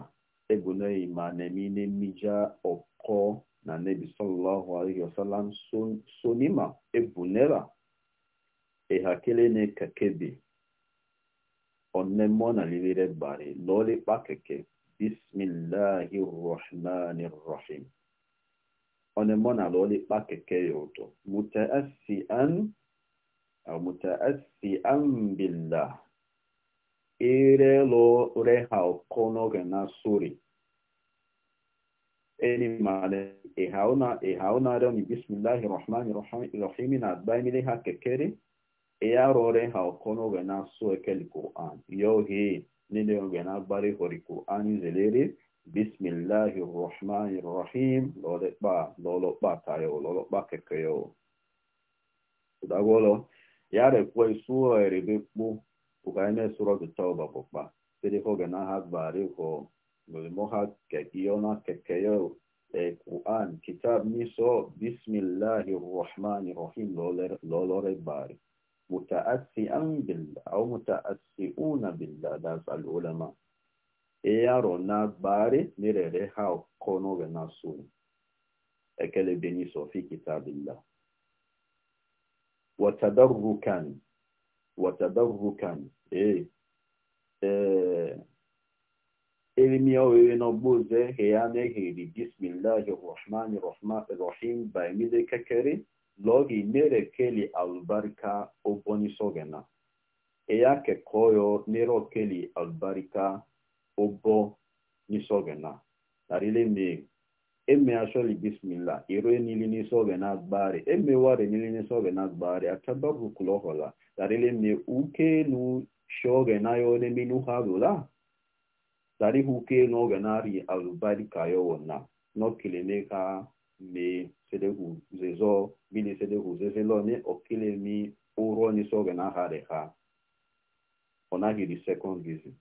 ebunei ma nemine mija oko na nebi sallallahu alaihi wasallam sun, sunima ebunela ehakele ne kakebi onemo na lilire bari loli pakeke bismillahi rrahmani rrahim onemo na loli pakeke yoto mutaasian irelo reha okonoge na suri eni male ehauna ehauna roni bismillahir rahmanir rahim na baimile ha kekere eyaro reha okonoge na so ekel qur'an yohi nile oge na bari hori qur'an re bismillahir rahmanir rahim lole pa lolo pa tayo lolo pa kekeyo dagolo re kwe suwa erebe kpu وكان سورة التوبة بابا تري هو جنا هاد باريو هو مهم هاد كيونا ككيو القرآن إيه، كتاب نيسو بسم الله الرحمن الرحيم لولر لولر باري متأثئاً بالله أو متأثئون بالله داس العلماء إيارو ناد باري نيري ريحا وقونو بنا سوي أكالي بنيسو في كتاب الله وتدركاً watabarukan ee eh, eh, elimia wewe no buze heyane hili bismillahi rrahmani rrahim baimide kekeri logi nere keli albarka obonisogena eyake koyo nero keli albarka obo nisogena tarile mi eme asholi bismillah iro nili nisogena gbare eme ware nili nisogena gbare zarele me ukelu shoge nayo ne minu harula zari huke n'oge nari alụbarika ya wona n'okele n'eka me sedehu zezo bili sedehu zezelo ne okele mi ụrọ n'isi oge na hari ha ọ naghị the second reason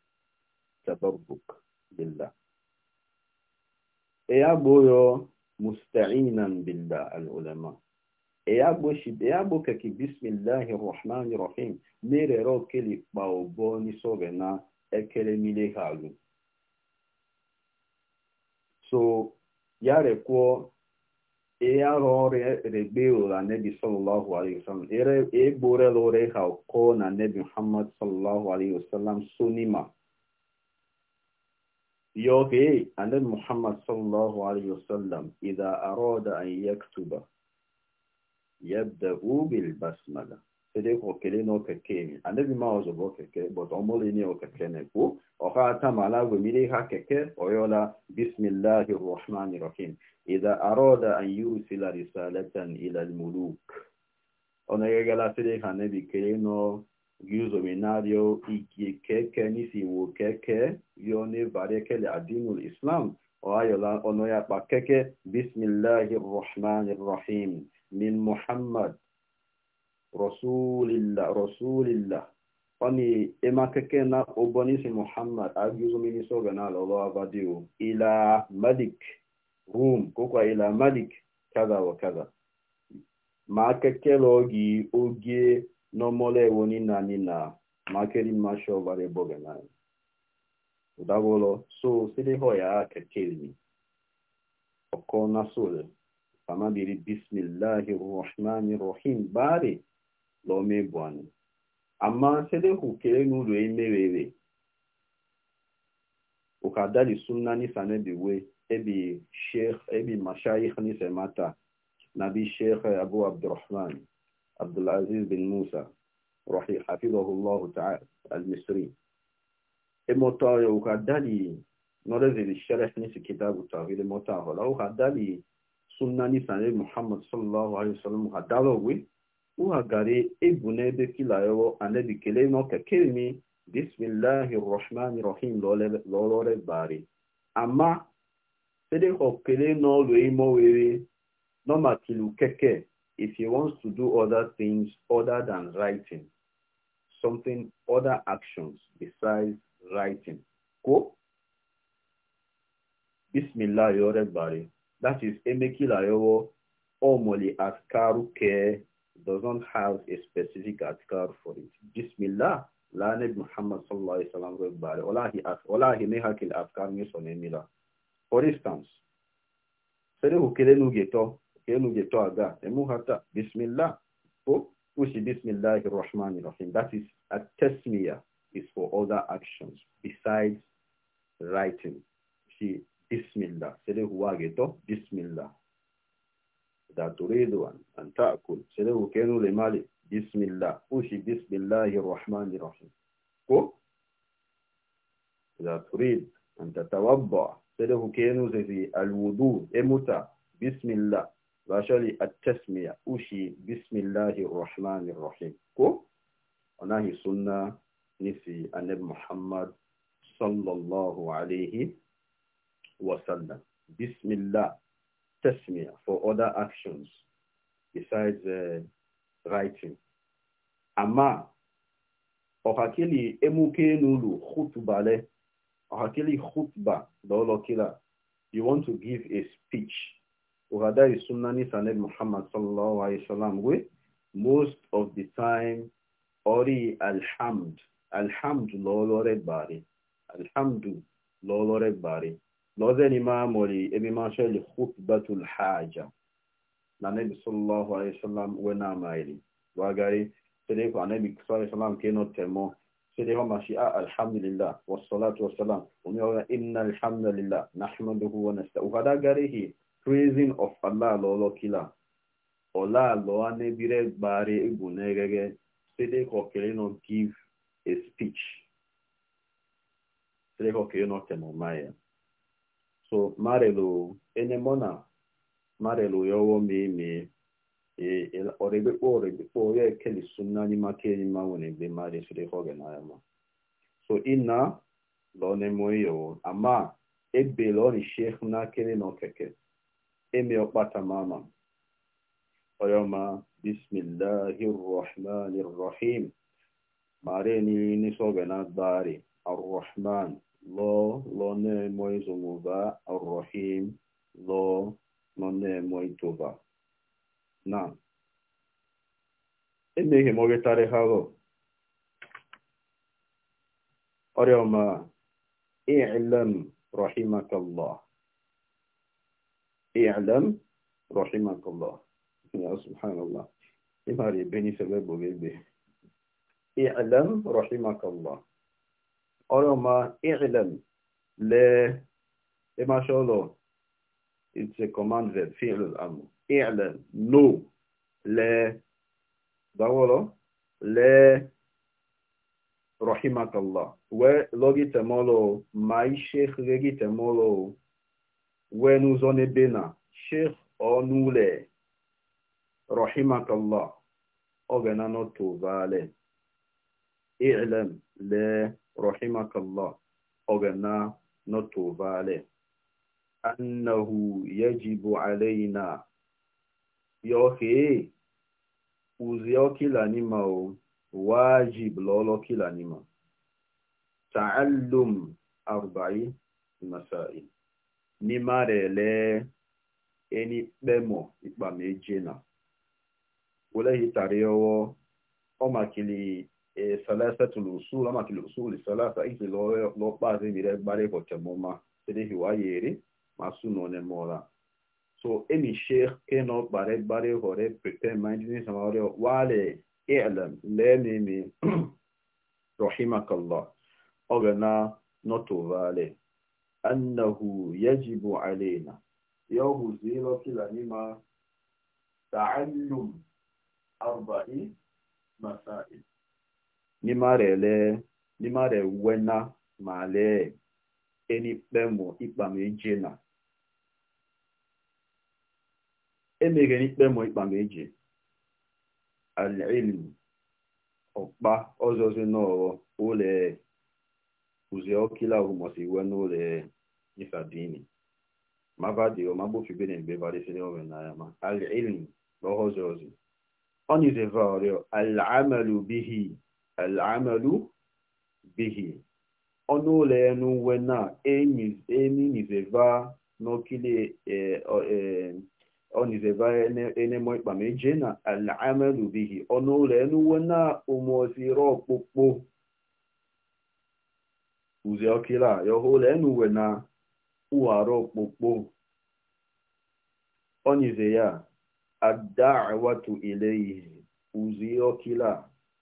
tababbuk billah e ya gboyo musta'inan billah al ulama eyagbo shi eyagbo keki bismillahir rahmanir rahim mere ro kele pa obo ni sobe na ekele mile halu so yare ko eyaro re regbe ola nebi sallallahu alaihi wasallam ere egbore lo ha ko na nebi muhammad sallallahu alaihi wasallam sunima yo anabi muhammad sallallahu alaihi wasallam idha arada an yaktuba يبدأ بالبسملة فديك وكلي نو ككيني أنا بما أوزو كك بتعمل إني وككيني بو أخا تام على وميري هك أويولا بسم الله الرحمن الرحيم إذا أراد أن يرسل رسالة إلى الملوك أنا يجعل فديك أنا بكلي نو يوزو منادو إكي كك نسي وكك يوني باريك لعدين الإسلام وأيولا أنا يبقى كك بسم الله الرحمن الرحيم min muhammad rasulillah rasulillah oni emakeke na obonisi muhammad agizo miniso gana lolo avadio ila malik rum kokwa ila malik kadha wa kadha makekele ogi oge nomole woni nani na makeri masho bare bogana udagolo so sidi hoya kekelmi okona sole kama biri bismillahi rahmani rahim bare lo me bwanu amma sede hukere n'ụlọ emerere ukadali sunna ni sanedi we ebi sheikh ebi mashayikh ni semata nabi sheikh abu abdurrahman abdulaziz bin musa rahim hafidhahullah ta'ala al-misri emoto ukadali norezili sharh ni kitabu tawhid emoto hola ukadali sunna ni sanye muhammad sallallahu alaihi wasallam hadaro we u hagare ebune be kilayo anabi kele no ka kelmi bismillahir rahmanir rahim lole lole bari ama sede ko kele no lo imo wewe no matilu keke if he wants to do other things other than writing something other actions besides writing ko bismillah yore rahim That is Emekilayowo Omoli Askaru Care doesn't have a specific askar for it. Bismillah, La Nabi Muhammad Sallallahu Alaihi Wasallam Olahi Mehakil Askar Misonemila. For instance, Sere Hukelenu Geto, Hukelenu Geto Aga, Emuhata, Bismillah, Oh, Bismillah Bismillahir Rahmanir Rahim. That is a tasmiyah is for other actions besides writing. See, بسم الله Bismillah. واجتو بسم الله إذا تريد أن تأكل سله كانوا لمالي بسم الله أوشي بسم الله الرحمن الرحيم كو إذا تريد أن تتوضع سله كانوا زي الوضوء إمتى بسم الله باشالي التسمية أوشي بسم الله الرحمن الرحيم كو وناهي سنة نسي النبي محمد صلى الله عليه wasallam. Bismillah, tasmiyah for other actions besides uh, writing. Ama, ọhakili emuke n'ulu khutubale, ọhakili khutba dọlọkila. You want to give a speech. Uhada is sunnani saned Muhammad sallallahu alayhi wasallam we most of the time ori alhamd alhamd lolore bari alhamdu lolore bari lọ́zẹ́ ni máa mọ̀rí ebi máa ṣẹlẹ̀ khutbatul hajja na nabi sallallahu alaihi wasallam wena mairi wa gari sai dai ku annabi sallallahu alaihi wasallam ke no temo sai dai ma shi a alhamdulillah wassalatu wassalam umi wa praising of Allah lolo kila ola lo anabi re bare igunegege sai dai ko kele give a speech sai dai ko kele no so marelo enemona marelo yowo meme oregbekpo oregbekpo oyo ekeli sunna n'ime aka enyi ma nwere mgbe mmadụ esiri ihe oge na ma so ina lọnemo yowo ama na ọ nishek n'akịrị n'okeke eme ọkpata mama oyoma bismillahi rrahmani rrahim mare ni nisoge na gbari arrahman lo lo ne moi zumuva arrohim lo lo ne moi tuva na eneghi m oghetarị ha lo ọrịọma اعلم رحمك الله اعلم رحمك الله يا سبحان الله إماري بني سبب وبيبي الله عرما اعلن ل ما شاء الله انت كوماند فيرب فعل الامر اعلن نو ل دورو ل رحمك الله و لوغي تمولو ماي شيخ لوغي تمولو و نو زوني بينا شيخ او نو ل رحمك الله او بنا نو تو اعلن ل rahimakallah ogana notobale annahu yajibu alaina yohe uzio kila nima o wajib lolo kila nima ta'allum arba'i masail nimarele eni kpemo ikpa mejena weleghitara ọwọ makili salasatul usul ama kil usul salasa iti lo lo pase vire bare ko chamoma sede hiwa yeri masuno ne so emi sheikh keno bare bare hore prepare mind ni samare wale i'lam lemi mi rahimakallah ogana noto vale annahu yajibu zilo ta'allum arba'i masail nimarele nimare wena male enikpemo ikpam ejena emeghe n'ikpemo ikpam eji alilm ọkpa ọzọzi n'ọghọ ụlọ uzi ọkila ahụmọsị iwe n'ụlọ ifadini mavadi ọmagbofibere mgbe barisiri ọrụ n'anya ma alilm na ọzi ọ nizevaọrịọ alamalu bihi العمل به ọnụ ụlọ ya n'uwe na enizeva n'okili e, onizeva e, enemo ikpa ma eje na al'amalu bihi ọnụ ụlọ ya n'uwe na ụmụoziri ọkpụkpụ uzi ọkila ya ụlọ ya n'uwe na ụhara ọkpụkpụ onize ya adawatu ileyi uzi ọkila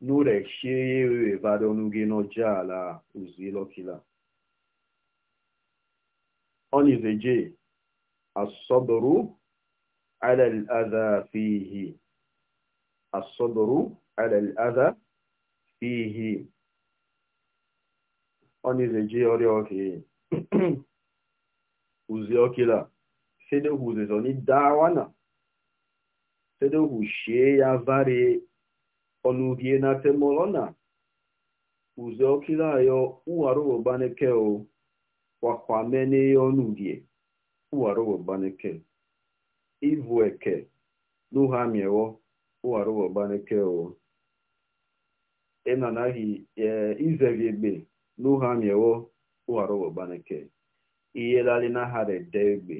nure sheyewe vadonugino jala uzilokila onizeje asodru ala aladha fihi asodru ala aladha fihi onizeje orioke uziokila sede huzezoni dawana sede husheye avare onubie na temolona uze okilayo uwarowo baneke o wakwamene onubie uwarowo baneke ivueke nuhamiewo uwarowo baneke o enanahi e, izeviegbe nuhamiewo uwarowo baneke iyelali na haredegbe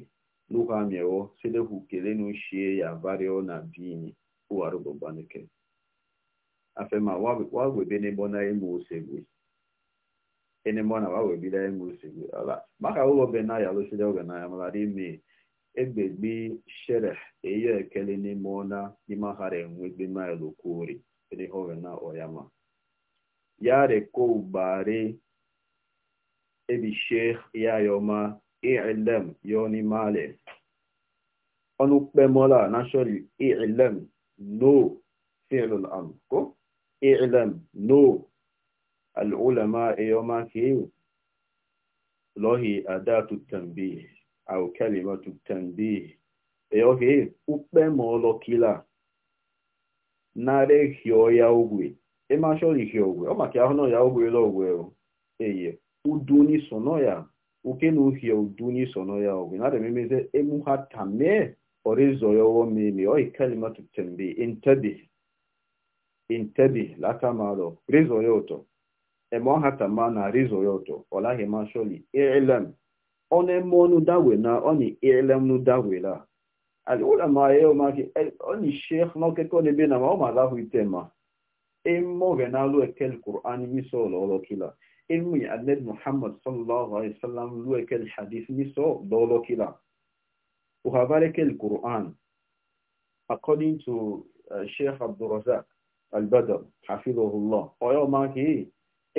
nuhamiewo sedehukele nushie ya vario na bini uwarowo baneke afema wawebe n'ebo na emu osegbu enebo na na emu osegbu ala maka ụlọ ya lụsịrị ogenaya dị ime egbegbe shere eyo ekele n'ime ọna n'ime hara enwegbe maịlụ kwori na ọyama ya reko ebi sheikh ya yoma ilm yoni ọnụ kpemola nashori no fi'l ko i'lam know al'ulama eyoma kiyu lohi adatu tanbih au kalimatu tanbih eyohi upe molo kila nare hio ya ogwe e ma sho li hio ogwe o ma ahono ya ogwe lo ogwe o eye uduni sono ya uke no hio ni sono ya ogwe nare meme se emu hatame orizo yo wo meme o intebi latamaro rizo yoto emo hatama na rizo yoto olahi masholi ilm one monu dawe na oni ilm nu dawe la al ulama o ma ki oni sheikh no ke kone bina ma ma lahu itema emo gena lu ekel qur'an mi so lo lo kila ilmu ya nabi muhammad sallallahu alaihi wasallam lu ekel hadith mi so lo lo kila uhabareke al qur'an according to uh, sheikh abdurrazak albadr hafidhahullah oyo maki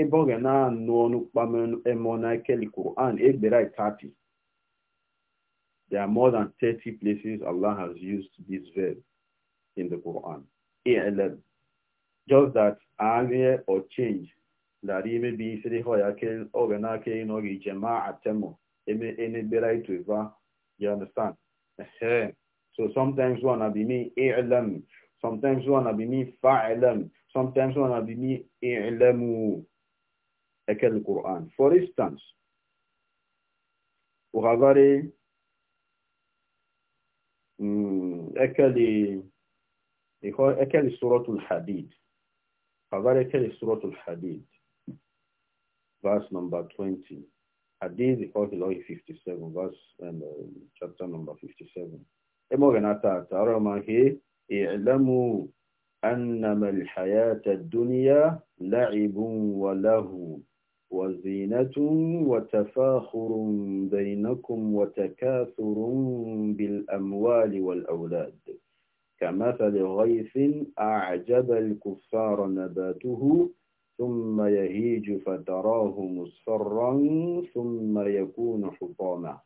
eboge na nuonu kpamen emona keli quran egbera tati there are more than 30 places allah has used this verb in the quran i'lam just that arie or change that ime bi siri ho ya ke oge na ke no gi jama'atemo eme ene bera itu va you understand so sometimes one abi me i'lam Sometimes one be me fa'lam. Sometimes one be me i'lamu. Ekel Quran. For instance, وغادري أكل أكل سورة الحديد غادري أكل سورة الحديد verse number 20 حديد يقول الله 57 verse and um, uh, chapter number 57 أمورنا تاتا رمى هي اعلموا أنما الحياة الدنيا لعب وله وزينة وتفاخر بينكم وتكاثر بالأموال والأولاد كمثل غيث أعجب الكفار نباته ثم يهيج فتراه مصفرا ثم يكون حطاما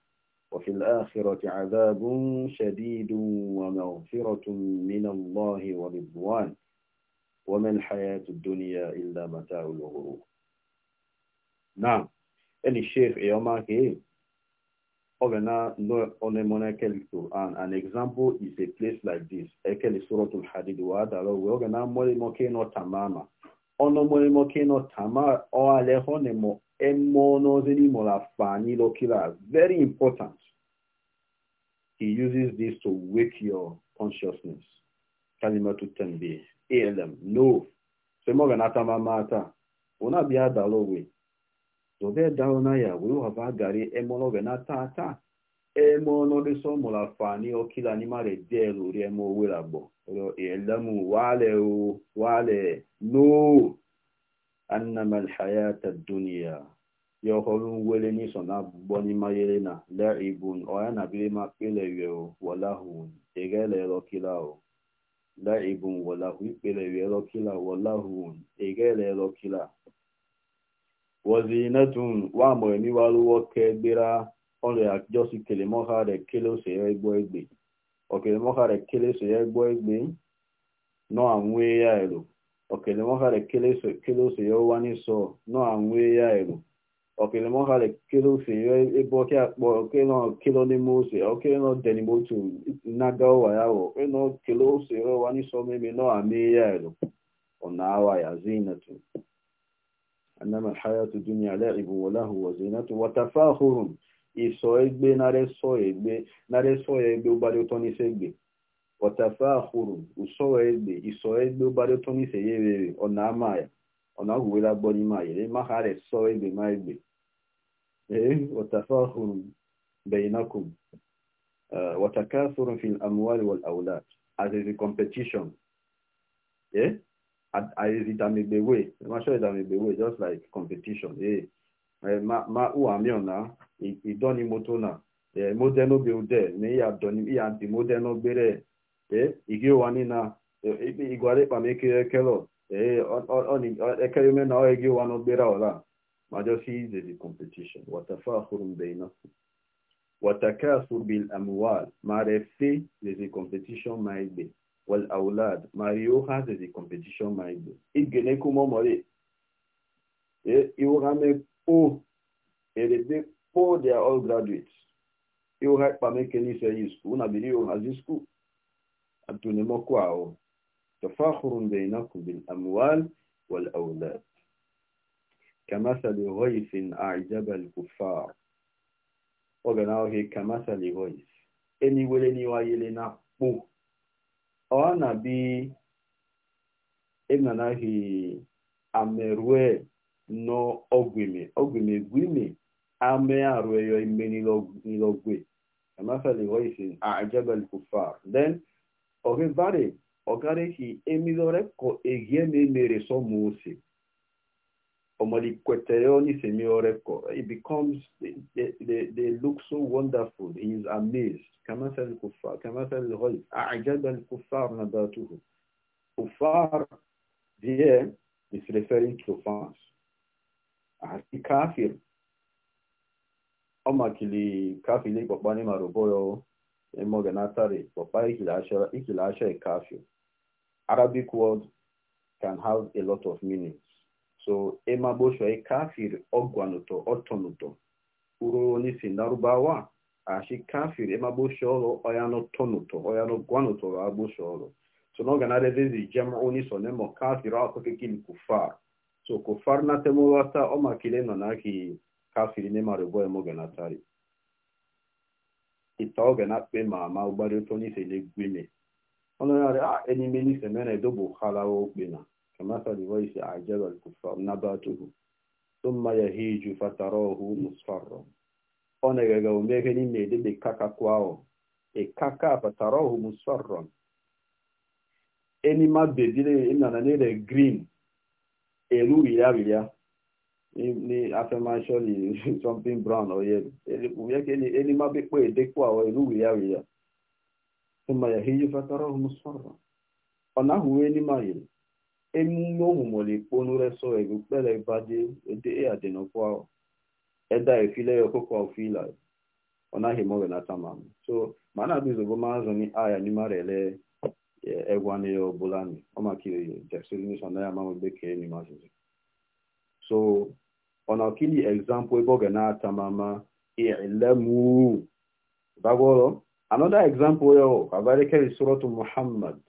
وفي الآخرة عذاب شديد ومغفرة من الله ورضوان وما الحياة الدنيا إلا متاع الغرور نعم أن الشيخ يوما كي أغنى أن مونا كالكتو أن أن إكزامبو إز بليس لايك ديس أكل سورة الحديد واد ألو أغنى مولي موكي نو تماما أنو مولي موكي نو تماما أو أليخو نمو أمونو زيني مولا فاني لو كلا very important he uses this to wake your consciousness. Kalimatu Tanbih, ALM, no. Semoga natama mata. Una biya dalowe. Zobe daona ya, wewe havagari emono venata ata. Emono liso mulafani okila nimare delu riemo wilabo. Yo ALM wale u, wale, no. أنما الحياة الدنيا ya ọhụrụ nwere yele na abụgbọ n'ime yere na laibun ọya na birima kpelewe walahu egelelokilao laibun walahu ikpelewe elokila walahu egelelokila wazinatun wa mọ̀rẹ̀ níwáwọ́ kẹgbẹ́ra ọ̀rẹ́ àjọsí kèlémọ́ha sọ ya ọ̀pìnlẹ̀mọ́ halẹ̀ kí ló sì yọ ebọ́ kí àpọ̀ kí náà kí lọ ní mose ọ kí náà dẹni mọ́tò nága ọ̀wà yà wọ̀ kí náà kí ló sì yọ wá ní sọmẹ́mi náà àmì yà ẹ̀rọ ọ̀nà àwà yà zínàtù anamọ àyà tó dún ní alẹ́ ìbò wọlé àhùwọ̀ zínàtù wọ́tàfà ahùrùn ìsọ ẹgbẹ́ nárẹ́sọ ẹgbẹ́ nárẹ́sọ ẹgbẹ́ ó bá dé tọ́ ní sẹ́gbẹ́ wọ́tàfà ahùrùn ìsọ ẹgbẹ́ ìsọ ẹgbẹ́ ó bá dé tọ́ ní sẹ́yẹ́ rẹ̀ ọ̀nà àmà yà ọ̀nà àgùwélá gbọ́ ní máa yẹ̀lé máa rẹ̀ sọ ẹgbẹ̀ máa ẹgbẹ̀ ee wọ̀tàfáhùn bẹ̀yìnákùn wọ̀tàkáfùrùn fi àmúwárí wọ̀l àwùlá àzẹ̀zì competition ee àzẹ̀zì ìdàmẹ̀gbẹ̀wé máṣọ́ ìdàmẹ̀gbẹ̀wé just like competition ee ma ma na moto wù àmì ọ̀nà ìdánimọ́tò náà ee mọ́dẹ́nóbe ọdẹ ní ìyá dìmọ́dẹ́nóbẹ̀rẹ̀ ee ìgbéwà nínà ìgbàlẹ́pàmẹ́kẹ́rẹ́kẹ́lọ̀ Eh, on, on, on. ekelime na oge wa n'obere ọla ma jọsi ize the competition watafakhurun bainakum watakathur bil amwal ma refe the competition ma igbe wal aulad ma rioha the competition ma igbe igene kuma mori iwogame po erede po they are all graduates iwoga kpamekeni se yi school una biri iwohazi school atunimokwa o oh. تفاخر بينكم بالأموال والأولاد كمثل غيث أعجب الكفار وقناه كمثل غيث إني ولني ويلنا بو أنا بي إبنا ناهي أمروه no ogwime ogwime gwime ame arweyo ime nilogwe كمثل غيث أعجب الكفار then okay buddy ọgarehi emizore ko egieme mere somose omoliqueteoni semiore ko it becomes they, they, they look so wonderful he is amazed كمثل الكفار كمثل الغيب أعجب الكفار نباته كفار there is referring to France. fans àti káfíìr ọmọkìlì káfíìlì pọ̀pá ní màrúbọ́yọ́ ẹmọ́gẹ̀ látàrí pọ̀pá ìkìlà aṣọ ìkáfíìr Arabic word can have a lot of meanings. So emabosho kafir ogwanuto otonuto. Uro nisi narubawa. Ashi ah, kafir emabosho oyano tonuto oyano gwanuto abosho So no ganare zizi jamu niso nemo kafir akoke kili kufar. So kufar na temo wata oma kileno na ki kafir nema rebo emo ganatari. Ita oge na kpe ma ma ugbari oto nisi le gwime. ọnụrarị ah, enyi mmeri semere dobo halawa okpena kamasali waisi ajara kufar nabatuhu ثم يهيج فتراه مصفرا onegega omeghe n'ime edebe kaka kwao ekaka fatarahu musfarron enima bedire nana nere green elu wiriawirịa ni afemashon something brown or enima bekpo ثم يهيج فتراه مصفرا ọ̀nàhù wé ní màyè emume ohùmọ̀lẹ̀ ìponú rẹ́sọ ẹ̀rù pẹ̀lẹ̀ ìbàdé èdè àdènàpọ̀ àwọ̀ ẹ̀dá ìfilẹ̀ ọkọ̀kọ̀ àfilà ọ̀nàhì mọ̀rẹ̀ látàmà so màá nàbí ìzòbó máa ń zọ na àyà ní má rẹ̀ lẹ́ ẹ̀wà so example Another example yo kabalika is Surah Muhammad.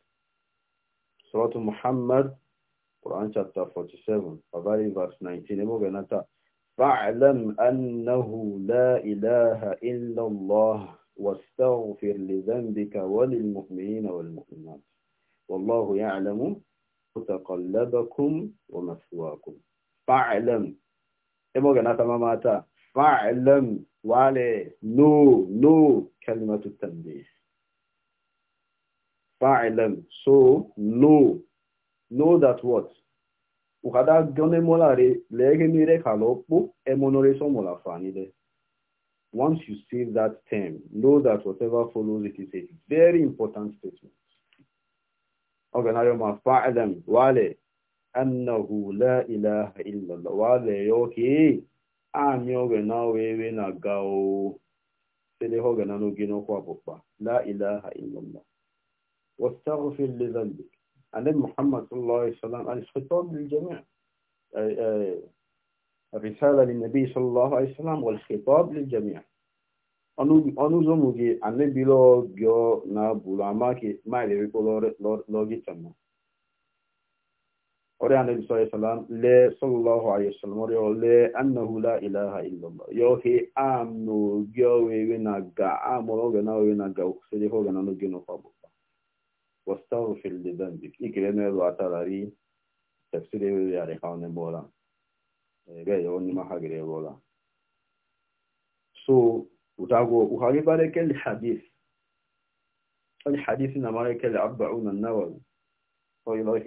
Surah Muhammad Quran chapter 47 kabalika verse 19 emo ganata فاعلم أنه لا إله إلا الله واستغفر لذنبك وللمؤمنين والمؤمنات والله يعلم متقلبكم ومثواكم فاعلم emo ganata mamata فاعلم wale no no kalimatu tanbih fa'ilam so no know that what ukada gane mola re lege mire kalo po emonore so mola fanide once you see that term know that whatever follows it is a very important statement oganayo ma fa'ilam wale annahu la ilaha illa wale yoki anyị oge na wee na gao sele oge na n'oge n'okwu abụkpa la ilaha illallah واستغفر لذنبك النبي محمد صلى الله عليه وسلم الخطاب للجميع الرسالة للنبي صلى الله عليه وسلم والخطاب للجميع ọnụ ụzọ ụmụ gị anebila ọbịọ na bụrụ ama ka maịlị rikpo lọgịtama ọ̀rẹ́ àná ibi sọ̀rọ̀ ìsọ̀lá lẹ́ sọ́lọ́lọ́hù àyẹ̀sọ̀lọ́mọ́rẹ́ ọ̀lẹ́ anahula ilaha illallah yọ̀ọ́kì àmì ògì ọ̀wẹ̀wẹ̀ na ga àmọ̀rọ̀ ọ̀gẹ̀ náà ọ̀wẹ̀ na ga òkùsọ̀dẹ̀ ọ̀gẹ̀ náà lóge nù fàbọ̀ wọ́stàrù fìlì dàmbì ìkìlẹ̀ mẹ́rù àtàlárí tẹ̀sílẹ̀ wẹ̀rẹ̀ àríkà ọ̀nẹ́ bọ́ọ̀lá ẹ̀rẹ́ yọ̀ ní mahagirẹ̀ bọ́ọ̀lá so utago uhagibarekeli hadith الحديث نمارك الأربعون النووي والله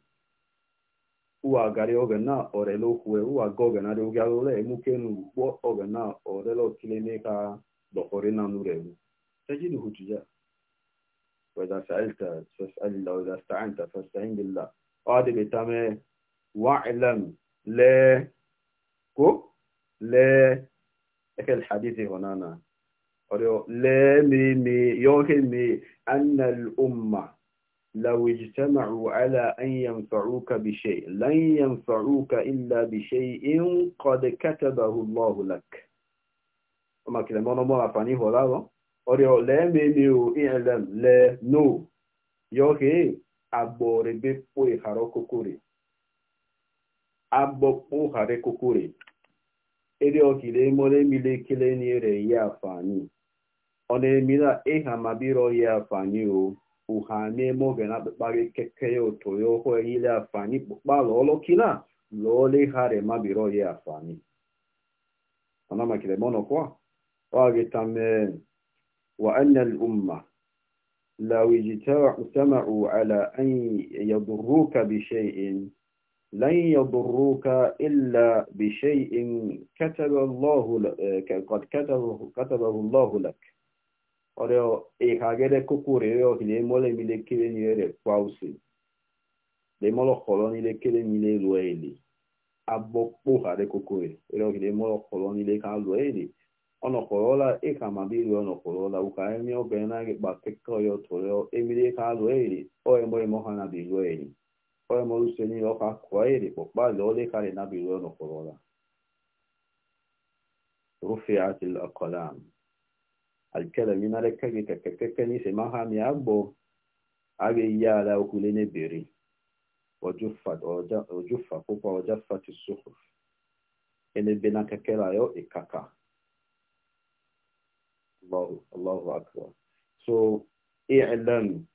uwa gari oge na orele okwu uwa ga oge na riogi alụla emuke nuru kpọ oge na orele okilele ka dọkọrị na nuru emu تجد هتجاء وإذا سألت فاسأل الله وإذا استعنت فاستعن بالله قاد بتامه واعلم لا كو لا الحديث هنا أريو لا مي مي يوهي مي أن الأمة لو اجتمعوا على أن ينفعوك بشيء لن ينفعوك إلا بشيء قد كتبه الله لك وما كده ما نمو أفاني هو لا أريو لا ميميو إعلم لا نو يوكي أبوري بيبوي هاروكو كوري أبوكو هاروكو كوري إريو كده مولي ميلي كده نيري يا فاني أنا ميلا إيه ما بيرو يا فاني uhane moge na bari keke yo to yo ho ile afani ba lo lo kina lole hare ma biro ye afani ana ma makile mono kwa wage tame wa an al umma la law ijtama'u ala an yadruka bi shay'in لن يضروك إلا بشيء كتب الله قد كتبه, كتبه الله لك oreo ekagere kokore yo kile mole mile kile ni ere pausi le molo koloni le kile e e mile lueli abopo hare kokore ero kile molo koloni le ka lueli ono korola e kama bi lu ono korola uka emi obena ge bateko yo toleo emile ka lueli o emo emo hana bi lueli o emo luseni o ka kwaeli popa lole kale na bi lu ono korola رفعت الأقلام alikɛlɛ mi n'ale kɛgi kɛkɛkɛkɛ ni sema ha mi agbɔ age ya ala okule ne beri ɔdzo fa ɔdza ɔdzo fa kpokpa ɔdza fa ti soho ene be kɛkɛ la yɔ ekaka allahu allahu akbar so i'lam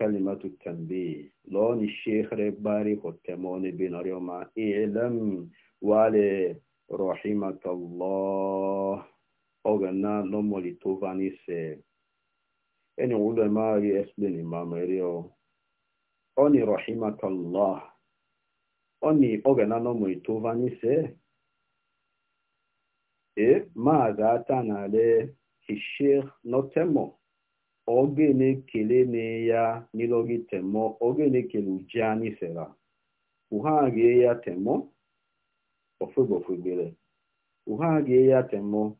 kalimatu tanbih lɔɔni sheikhre baari ko tɛmɔ ne be na rɛma i'lam wale rahimakallah. organa normally to vanish. Eh, any ulama explain Imam Rio. Eh, oh. Oni rahimakallah. Oni organa normally to vanish. E eh. maga tanale hishir notemo. Oge na ekele na ya nilogi temo. Oge na kelu jani sera. Uha ge ya temo. Ofegbo fegbele. Uha ge eya temo.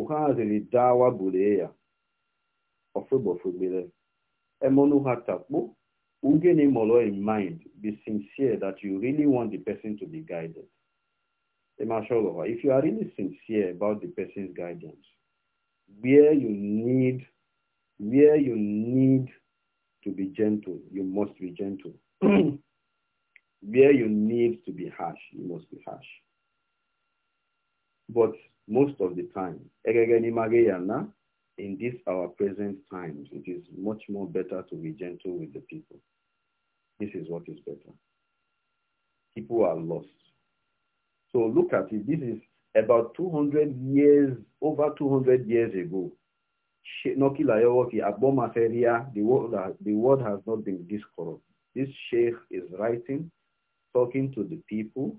ụha haziri dawa bulie ya ofụgbofugbere emonu ha takpo ugeni molo in mind be sincere that you really want the person to be guided Mashallah, if you are really sincere about the person's guidance, where you need, where you need to be gentle, you must be gentle. where you need to be harsh, you must be harsh. But most of the time. In this our present times, it is much more better to be gentle with the people. This is what is better. People are lost. So look at it. This is about 200 years, over 200 years ago. The word, the world has not been this corrupt. This sheikh is writing, talking to the people.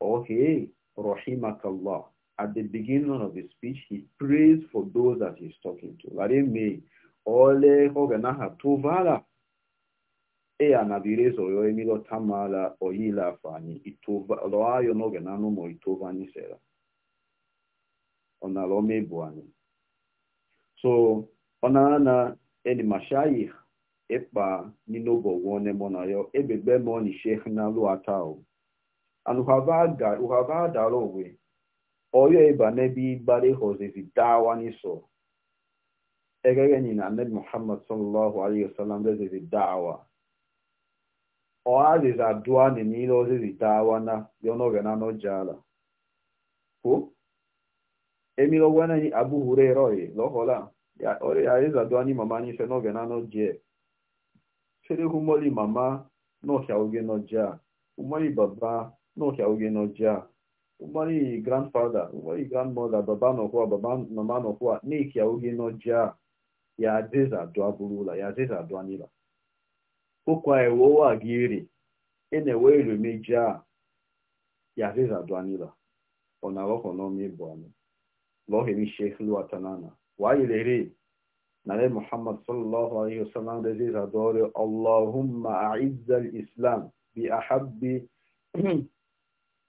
Okay, oh, rahimakallah. at the beginning of the speech, he prays for those that he's talking to. Lareme, ole hoganaha tovala. Eya na e birezo yo emilo tamala oyila fani. Itova, loayo nogenano mo itova ni sera. Ona lome buani. So, ona na eni mashayikh ekpa n'inobo wone mona yo ebebe mo ni sheikh na luatao. And uhava adalo we. oyo iba nebi bari hozizi dawa niso egege ni na nabi muhammad sallallahu alaihi wasallam zizi dawa o dua adua ni nilo zizi dawa na yono gana no jala ko emilo wana ni abu hurera ye lohola ya ore ya zizi adua mama anyị se no na no je sere humoli mama no kya oge no ja umoli baba no kya oge no ja ụgbari grandfada ụgbari grandmother baba nọkwa baba mama nọkwa nik ya oge n'ọjị a ya adịza dụa bụrụ ụla ya adịza dụa n'ila ụkwa ewowa gị iri enewe iromeji a ya adịza dụa n'ila ọ na-alọkọ n'ọmị bụ anyị lọhiri sheklu atanana wayilere nabi muhammad sallallahu alaihi wasallam da zai zadore allahumma a'izza al-islam bi ahabbi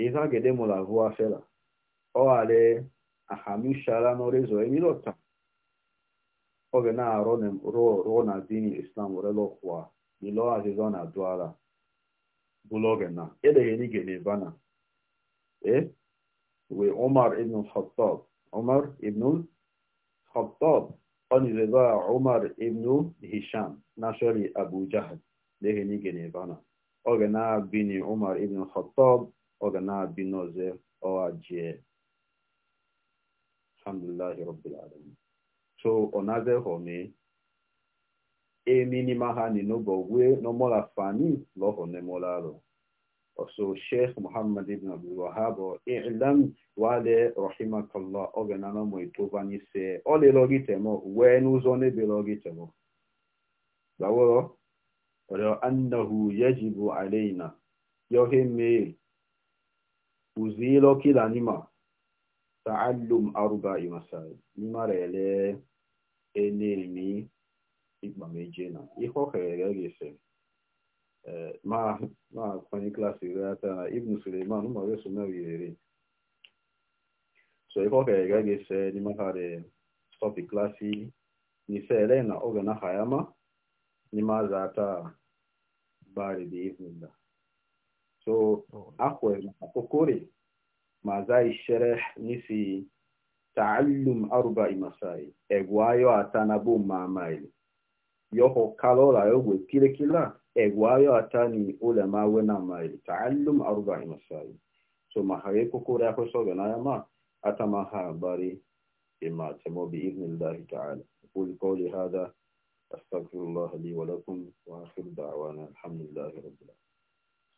ihe a ga-ede mụrụ ahụ afela ọghara ahamishala n'ọrịzọ emilọta oge na-arụ rụọ na dini islam werelọkwa ilo azịza na duala bụrụ oge na edeghị n'ige n'ebana eh we umar ibn khattab umar ibn khattab ọnịzịza umar ibn hisham nashori abu jahal deghị n'ige n'ebana oge na-abini umar ibn khattab ọ ga na-abị n'ọzọ ọghajie alhamdulillahi rabbil alamin so onaze home emini mahani nobo we nomola fani loho nemolalo ọsọ sheikh muhammad ibn abdul wahab i'lam wale rahimakallah oge na n'ụmụ nomo itovani se ole logitemo wee n'ụzọ n'ebe logitemo gbaworo ولو أنه يجب علينا يوهي ميل uzilo kila nima taallum arba'i masail nima rele enemi ikpa meje na ihe ohere ga-ese eh, ma ma kwanye klaasị ata na ibn suleiman ụmụ ọrụ sona yiri so ihe ohere ga ga-ese nima ha re stọpi klaasị nisele na oge na hayama nima zata bari bi ibn da so akwai akokore ma za yi shere nisi ta'allum arba masai egwayo ata na bu mamaili yoho kalora yogwe kile kila egwayo ata ni ulema we na maili ta'allum arba masai so mahaye kokore ako so gana yama ata mahabari بما تمو بإذن الله تعالى أقول قولي هذا استغفر الله لي ولكم وآخر دعوانا الحمد لله رب العالمين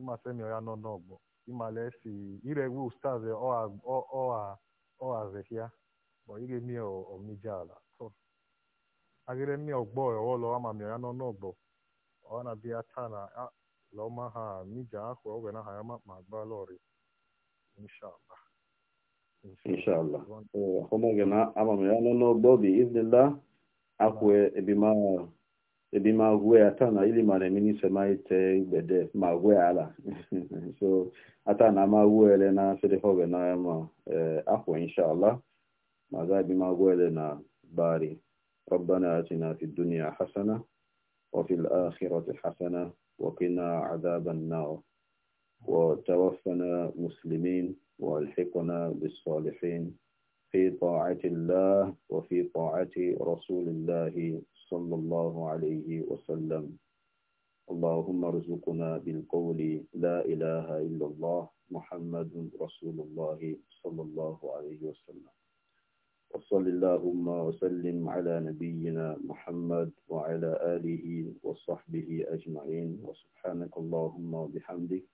imasemi oyano nogbo imalesi irewu stars oa oa oa zehia bo ige mi o omijala so agere mi ogbo owo lo ama mi oyano nogbo ona bi atana lo ma ha mija akwa owe na ha ma magba lori inshallah inshallah homo gena ama mi oyano nogbo bi iznillah akwe ebima بما هو أتانا إلي ما نميني سمايت بدء ما هو على so أتانا ما هو لنا في الحب نعم أخو إن شاء الله ما ذا بما هو لنا باري ربنا أتنا في الدنيا حسنة وفي الآخرة حسنة وقنا عذاب النار وتوفنا مسلمين والحقنا بالصالحين في طاعة الله وفي طاعة رسول الله صلى الله عليه وسلم اللهم ارزقنا بالقول لا إله إلا الله محمد رسول الله صلى الله عليه وسلم وصل اللهم وسلم على نبينا محمد وعلى آله وصحبه أجمعين وسبحانك اللهم وبحمدك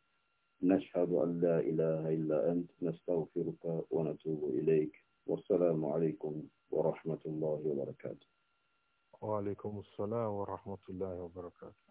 نشهد أن لا إله إلا أنت نستغفرك ونتوب إليك والسلام عليكم ورحمة الله وبركاته وعليكم السلام ورحمة الله وبركاته